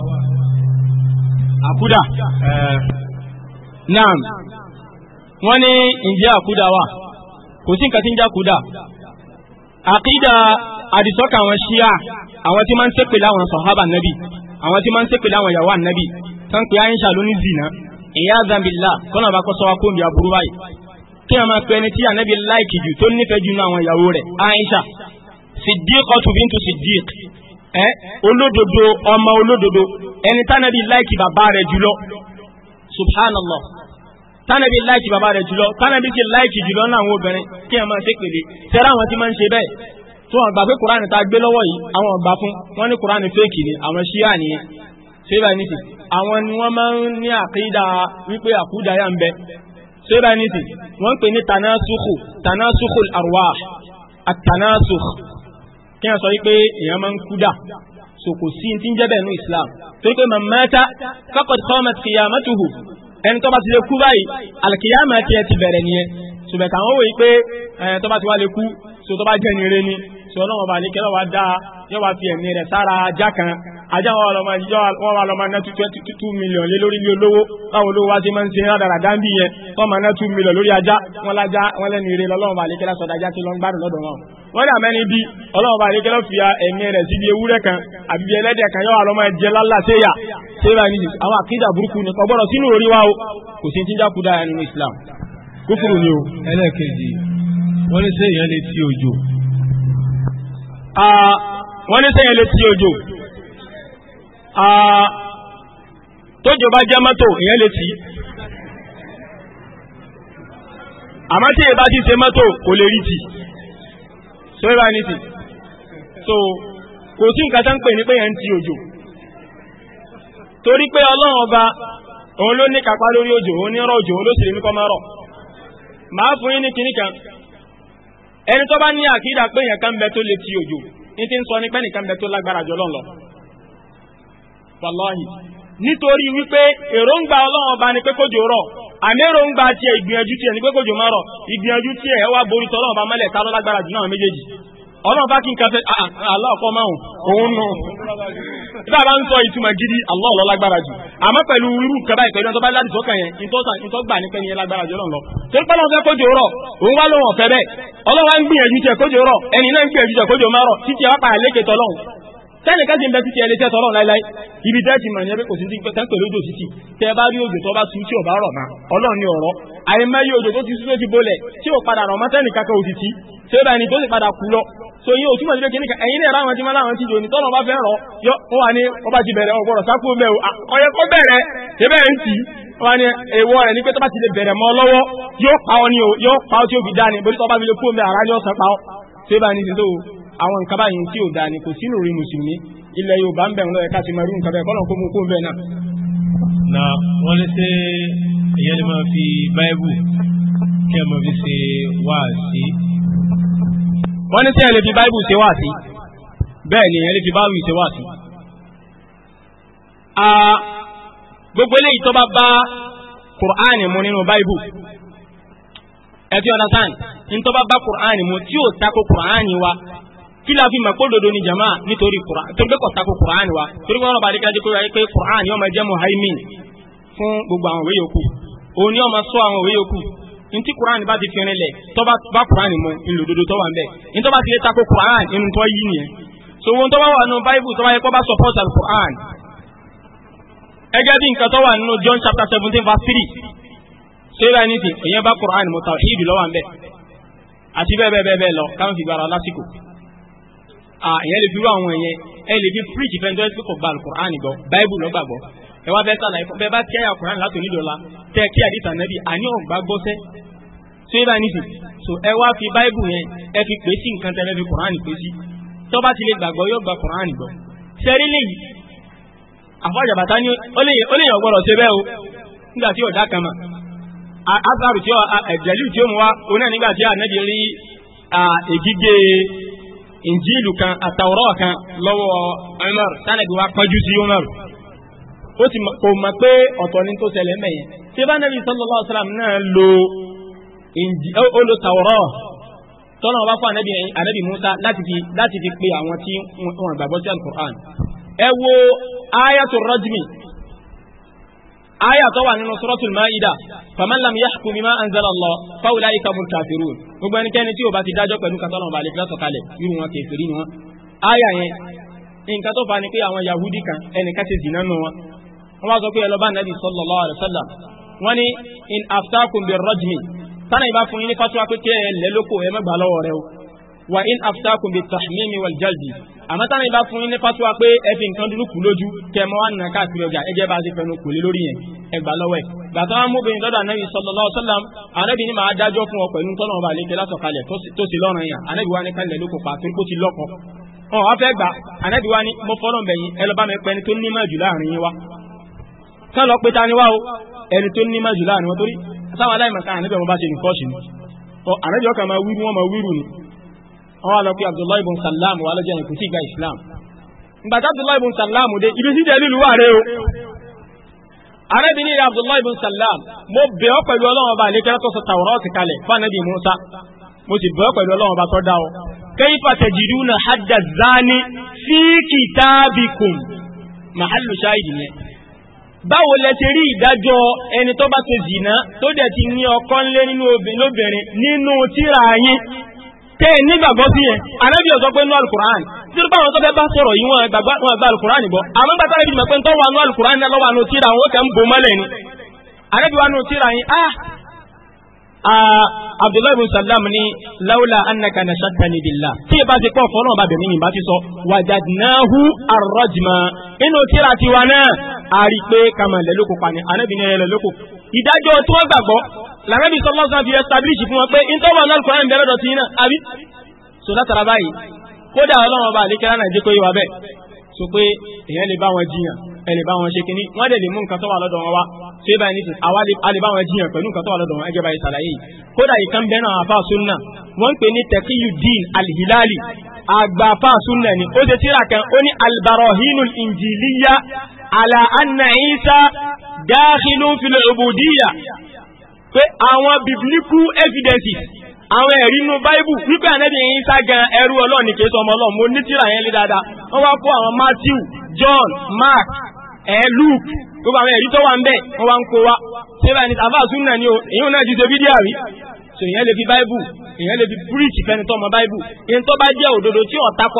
àkúdà náà wọ́n ní ìjẹ́ àkúdà wà kò sí nǹkan tí ń jẹ́ àkúdà àkídà àdìsọ́kà àwọn ṣíà àwọn tí máa ń ṣépè láwọn sọ̀hábà nábì àwọn tí máa ń ṣépè láwọn ìyàwó ànábì tán pé àyíṣà ló ní zìnà ìyá zambilla kọ́nà bá kọ́ sọ wá kó mi aburú báyìí kí wọ́n máa pe ẹni tí ànábì láìkì jù tó nífẹ̀ẹ́ jù nínú àwọn ìyàwó rẹ̀ àyíṣà siddiqatu bintu siddiq ẹ olódodo ọmọ olódodo ẹni tánàbí láìkì bàbá rẹ jùlọ subhanallah tánàbí láìkì bàbá rẹ jùlọ tánàbí sì láìkì jùlọ náà àwọn obìnrin kí ẹ máa ṣe pèlè tẹ́rẹ́ àwọn tí máa ń ṣe bẹ́ẹ̀ tó wọn gbà pé kuraani tá gbé lọ́wọ́ yìí àwọn ọgbà fún wọn ní kuraani fẹ́ẹ̀kì ni àwọn ṣíà nìyẹn ṣébà nìsí àwọn ni wọ́n máa ń ní àkídà wípé àkúdà yà ń bẹ ṣébà nìsí wọ́n ń pè ní tanásùkù tanásùkù arwah àtanásùkù kí wọ́n sọ wípé èèyàn máa ń kú dà so kò sí ti ń jẹ́ bẹ́ẹ̀ ní islam torí pé mamata faqad qamat qiyamatuhu ẹni tó bá ti lè kú báyìí alkiyama tiẹ̀ ti bẹ̀rẹ̀ nìyẹn ṣùgbọ́n kàwọn wòye pé ẹni tó bá ti wá lè kú so tó bá jẹ́ nire ni so ọlọ́wọ́n bá lè kẹ́lọ́ fi ẹ̀mí rẹ̀ sára ajá kan ajá wọn wà lọ́mọ ná two million lé lórí bí olówó báwo ló wá sí máa ń ṣe rádàrà dáńbì yẹn wọ́n máa ná two million lórí ajá wọn lájá wọn lẹ́nu eré lọ́lọ́wọ́n bá lékelá sọ̀dá ajá tí lọ́n gbádùn lọ́dọ̀ wọn. wọ́n dà mẹ́ni bí ọlọ́wọ́n bá lékelá fi ẹ̀mí rẹ̀ síbi ewúrẹ́ kan àbí bí ẹlẹ́dẹ̀ kan yóò wà lọ́mọ ẹ̀jẹ̀ lálá séyà séyà ní àwọn àkídà burúkú ni ọgbọ́dọ̀ sínú orí wa o kò sí ti jákúdá ẹnu Islam kúkúrú ni o. ẹlẹ́kejì wọ́n ní sẹ́yìn lè ti òjò. Ah, wọ́n ní sẹ́yìn lè ti òjò. tójò bá jẹ́ mọ́tò ìyẹn lè tì í àmọ́ tí èyí bá ti ṣe mọ́tò kò lè rí tì so ẹ bá ní tì so kò sí nǹkan tó ń pè ní pé yẹn ń ti òjò torí pé ọlọ́run ọba òun ló ní kápá lórí òjò òun ní rọ̀ òjò òun ló sì lè ní kọ́ rọ̀ máa fún yín ní kinní kan ẹni tó bá ní àkídà pé yẹn kan bẹ tó lè wàláhì nítorí wípé èròǹgbà ọlọ́run ọba ni pé kójò rọ̀ àmẹ́ròǹgbà tiẹ̀ ìgbìyànjú tiẹ̀ ni pé kójò má rọ̀ ìgbìyànjú tiẹ̀ ẹ wá borí tọ́lọ́run ọba mẹ́lẹ̀ ká ló lágbára jù náà méjèèjì ọlọ́run bá kí n kafẹ́ aláọ̀kọ́ ah, ah, máhùn òun nù bá bá ń sọ ìtumọ̀ gidi aláọ̀lọ́ lágbára jù àmọ́ pẹ̀lú irú kaba ìpẹ̀lú ẹ̀tọ́ bá láti sọ́kàn yẹn ìtọ́ gbà ní pẹ́ni lágbára jù lọ́nà torí pẹ́lú ọ̀fẹ́ kójò rọ̀ òun wá lóhùn ọ̀fẹ́ bẹ́ẹ̀ ọlọ́run á ń gbìyànjú tẹ́lẹ̀ kẹ́sì ń bẹ títí ẹlẹ́tẹ́ tọ́lọ́ láíláí ibi dẹ́ẹ̀tì mọ̀ níbi kò sí sí tẹ́ńpẹ̀ lójó títì tẹ́ bá rí òjò tó bá sùn tí ò bá rọ̀ mọ́ ọlọ́run ní ọ̀rọ̀ àìmọye òjò tó ti sún tó ti bolẹ̀ tí ò padà rọ̀ mọ́ tẹ́nì kankan òtítì tí ó bá ẹni tó sì padà kú lọ so yín ò túmọ̀ sí ni kí nìkan ẹ̀yin náà ráwọn tí wọ́n láwọn ti jò ní tọ́nà bá fẹ́ rọ̀ yọ ó wà ní ọba ti bẹ̀rẹ̀ ọgbọ̀rọ̀ o ọyẹ kó bẹ̀rẹ̀ ṣé bẹ́ẹ̀ ń tì í wọ́n á ní èèwọ̀ rẹ̀ ní pé tó bá ti lè bẹ̀rẹ̀ mọ́ lọ́wọ́ yóò pa ọ ní o yóò pa ọ tí ó fi dá ni bó ti fi lè kú omi àrá ní ọ̀sán pa ọ ṣé bá ní ti o àwọn nǹkan báyìí tí ò dáa ni kò sínú rí mùsùlùmí ilẹ̀ Yorùbá ń bẹ̀rún lọ́yẹ̀ká ti máa rí nǹkan bẹ́ẹ̀ kọ́lọ̀ kó mú kó bẹ́ẹ̀ náà. na wọ́n ní ṣe ìyẹn ni máa fi báíbù kí ẹ máa fi ṣe wáàsí. wọ́n ní ṣe ẹ lè fi báíbù ṣe wáàsí bẹ́ẹ̀ ni ẹ lè fi báíbù ṣe wáàsí. gbogbo eléyìí tó bá bá Qur'an mu nínú báíbù ẹ ti understand ní tó bá bá Qur'an mu tí ò tako Qur'an wa Kila la fi mọ̀ pé òdodo ni jama kura Qur'an torí pé kò tako Qur'an wa torí pé wọn bá dékàdé kó yẹ Qur'an yóò máa jẹ́ muhaimin fún gbogbo àwọn òwe yòókù òun ni yóò máa sọ àwọn òwe yòókù ntí Qur'an bá ti fi rinlẹ̀ tó bá Qur'an mu ńlòdodo tó wà ń bẹ̀ ntọ́ bá ti lè tako Qur'an inú tó yí nìyẹn so wọn tó bá wà nù Bible tó bá yẹ kó bá support al Qur'an ẹgẹ́ bí nǹkan tó wà nínú John chapter seventeen verse three ṣé bá ní ti bá Qur'an mu tawhid lọ́wọ́ à ń bẹ̀ àti bẹ́ẹ̀ bẹ́ẹ̀ bẹ́ẹ̀ lọ káwọn fi gbára lásìkò. e lè fi rú àwọn ẹ̀yẹn ẹ lè fi preach fẹ́ ndọ́ẹ́sì kò gba alukur'an gbọ́ báíbù Ewa gbàgbọ́ ẹ wá bẹ́ẹ̀ sàlàyé fún bá kíáyà alukur'an látò nílò la tẹ kí àdìsá nàbì àní ọ̀gbà tó yẹ bá níbi so ẹ wá fi báíbù yẹn ẹ fi pè sí nǹkan tẹ́lẹ̀ fi kur'an pè sí tó bá ti lè gbàgbọ́ yóò gba kur'an gbọ́ sẹ́rí lè yìí àfọ̀jàbàtà ni ó lè gbọ́dọ̀ o injilu kan àtàwọ̀rọ̀ kan lọ́wọ́ Umar tánàbí wa pẹ́jú sí Umar ó ti kò mọ̀ pé ọ̀tọ̀ ní tó ṣẹlẹ̀ mẹ́yẹ tí bá nàbí sallallahu alaihi wasallam náà lo olùtàwọ̀rọ̀ tọ́nà ọba fún ànábì Musa láti fi pe àwọn tí wọ́n gbàgbọ́ sí Al-Qur'an ẹ wo ayatul rajmi aya tó wà nínú suratul maida faman lam yahkum bima anzala Allah fa ulaika humul kafirun gbogbo ẹnikẹ́ni tí ó bá ti dájọ́ pẹ̀lú kan tọ́lọ́run bá lè fi lọ́sọ̀kalẹ̀ irú wọn kèfèrí ni wọn aya yẹn nǹkan tó fa ni pé àwọn yahudi kan ẹnìkan ti zìnà nù wọn wọn bá sọ pé ẹlọ́ba nàbì sallallahu alaihi wasallam wọn ni in aftakum bir rajmi tánà ìbá fún yín ní fatuwa pé kí ẹ lẹ́ lóko ẹ mẹ́gbàá lọ́wọ́ rẹ o wà in aftakum bi tahmimi wal jaldi àmọ́ táwọn ìbá fún yín ní fatuwa pé ẹ fi nǹkan dúdú kù lójú kẹ mọ́ wá nǹkan káàkiri ọjà ẹjẹ́ bá ti fẹnu kò lé lórí yẹn ẹgbà lọ́wọ́ ẹ̀ gbàtà wọn mú obìnrin lọ́dọ̀ anábì sallallahu alaihi wasallam anábì ní màá dájọ́ fún ọ pẹ̀lú tọ́nà ọba àlejò látọ̀kalẹ̀ tó sì lọ́rùn yàn anábì wa ní kálẹ̀ ló kò pa torí kó ti lọ́kọ̀ ọ̀ wá fẹ́ gbà anábì wa ní mo fọ́nà bẹ̀yìn ẹ ni wọ́n lọ pé abdullahi ibn salam wà lọ́jọ́ ìkú sí ìgbà islam ìgbàtà abdullahi ibn salam dé ibi sí jẹ́ lílu wà rẹ o arábìnrin abdullahi ibn salam mo bẹ̀ ọ́ pẹ̀lú ọlọ́run ọba àlékẹ́rẹ́ tó sọ tàwọ́rọ́ọ̀tì kalẹ̀ fánàbí musa mo sì bẹ̀ ọ́ pẹ̀lú ọlọ́run ọba tó dá ọ kayfa tajiduna hadda zani fi kitabikum mahallu shahid ni báwo lẹ ti rí ìdájọ́ ẹni tó bá ti zìnà tó dẹ̀ ti ní ọkọ ńlé nínú obìnrin lóbìnrin nínú tíra yín tẹ́ ẹ nígbàgbọ́ sí yẹn anábì ọ̀sọ́ pé nú alukur'an tí ó bá wọn tó fẹ́ bá sọ̀rọ̀ yìí wọn gba alukur'an bọ̀ àwọn gbàtà ẹbí mọ̀ pé tó wà nú alukur'an náà lọ́wọ́ àánú tíra àwọn kẹ́ ń bò mọ́lẹ̀ ni anábì wà nú tíra yìí ah abdullahi bin salam ni lawla annaka nashattani billah tí ìbá ti pọ̀ fọ́nà ọba bẹ̀mí ìbá ti sọ wajadnahu arrajma inú tíra tiwa náà a rí pé kàmà lẹ́lókò pa ni anábì ní ẹlẹ́lókò ìdájọ́ tí wọ́n gbàgbọ́ lànàbì sọ́lọ́ sàn fi establish fún wọn pé ìtọ́wọ̀ náà kọ́ ẹ̀ ń bẹ̀rẹ̀ dọ̀tí náà àbí so látara báyìí kódà ọlọ́run ọba àlékẹ́lá náà jẹ́ kó yé wa bẹ́ẹ̀ so pé èèyàn lè bá wọn jiyàn ẹ lè bá wọn ṣe kínní wọ́n dẹ̀ lè mú nǹkan tó wà lọ́dọ̀ wọn wá tó yẹ báyìí nísìnyí àwa lè bá wọn jiyàn pẹ̀lú nǹkan tó wà lọ́dọ̀ wọn ẹgẹ́ báyìí ṣàlàyé kódà ìkan bẹ́ẹ̀ náà àfa sunna wọ́n ń pè ní Taqiyuddin al-Hilali àgbà àfa sunna ni ó ṣe tíra kan ó ní al Injiliya ala Isa dakhilun fil ubudiyya pé àwọn biblical evidences àwọn ẹ̀rí inú báíbù wípé ànẹ́bí yìí sá gan ẹrú ọlọ́ọ̀ni kìí sọ ọmọ ọlọ́ọ̀ mo ní tíra yẹn lé dáadáa wọ́n wá kó àwọn Matthew John Mark ẹ̀ Luke gbogbo àwọn ẹ̀rí tó wà ń bẹ̀ wọ́n wá ń kó wa ṣé báyìí ní àbá àsúnà ni o èyí náà ti ṣe fídíà rí so ìyẹn lè fi báíbù èèyàn lè fi bíríìjì fẹ́ni tó ọmọ báíbù ní tó bá jẹ́ òdodo tí ó tako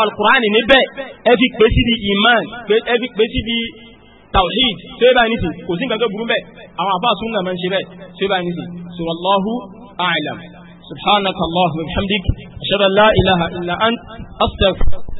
tawhid ṣé báyìí nìsí kò sí nǹkan tó burú bẹ́ẹ̀ àwọn àbá sunna máa ń ṣe bẹ́ẹ̀ ṣé báyìí nìsí so wallahu a'lam subhanaka allahumma wa bihamdik ashhadu an la ilaha illa ant astaghfiruka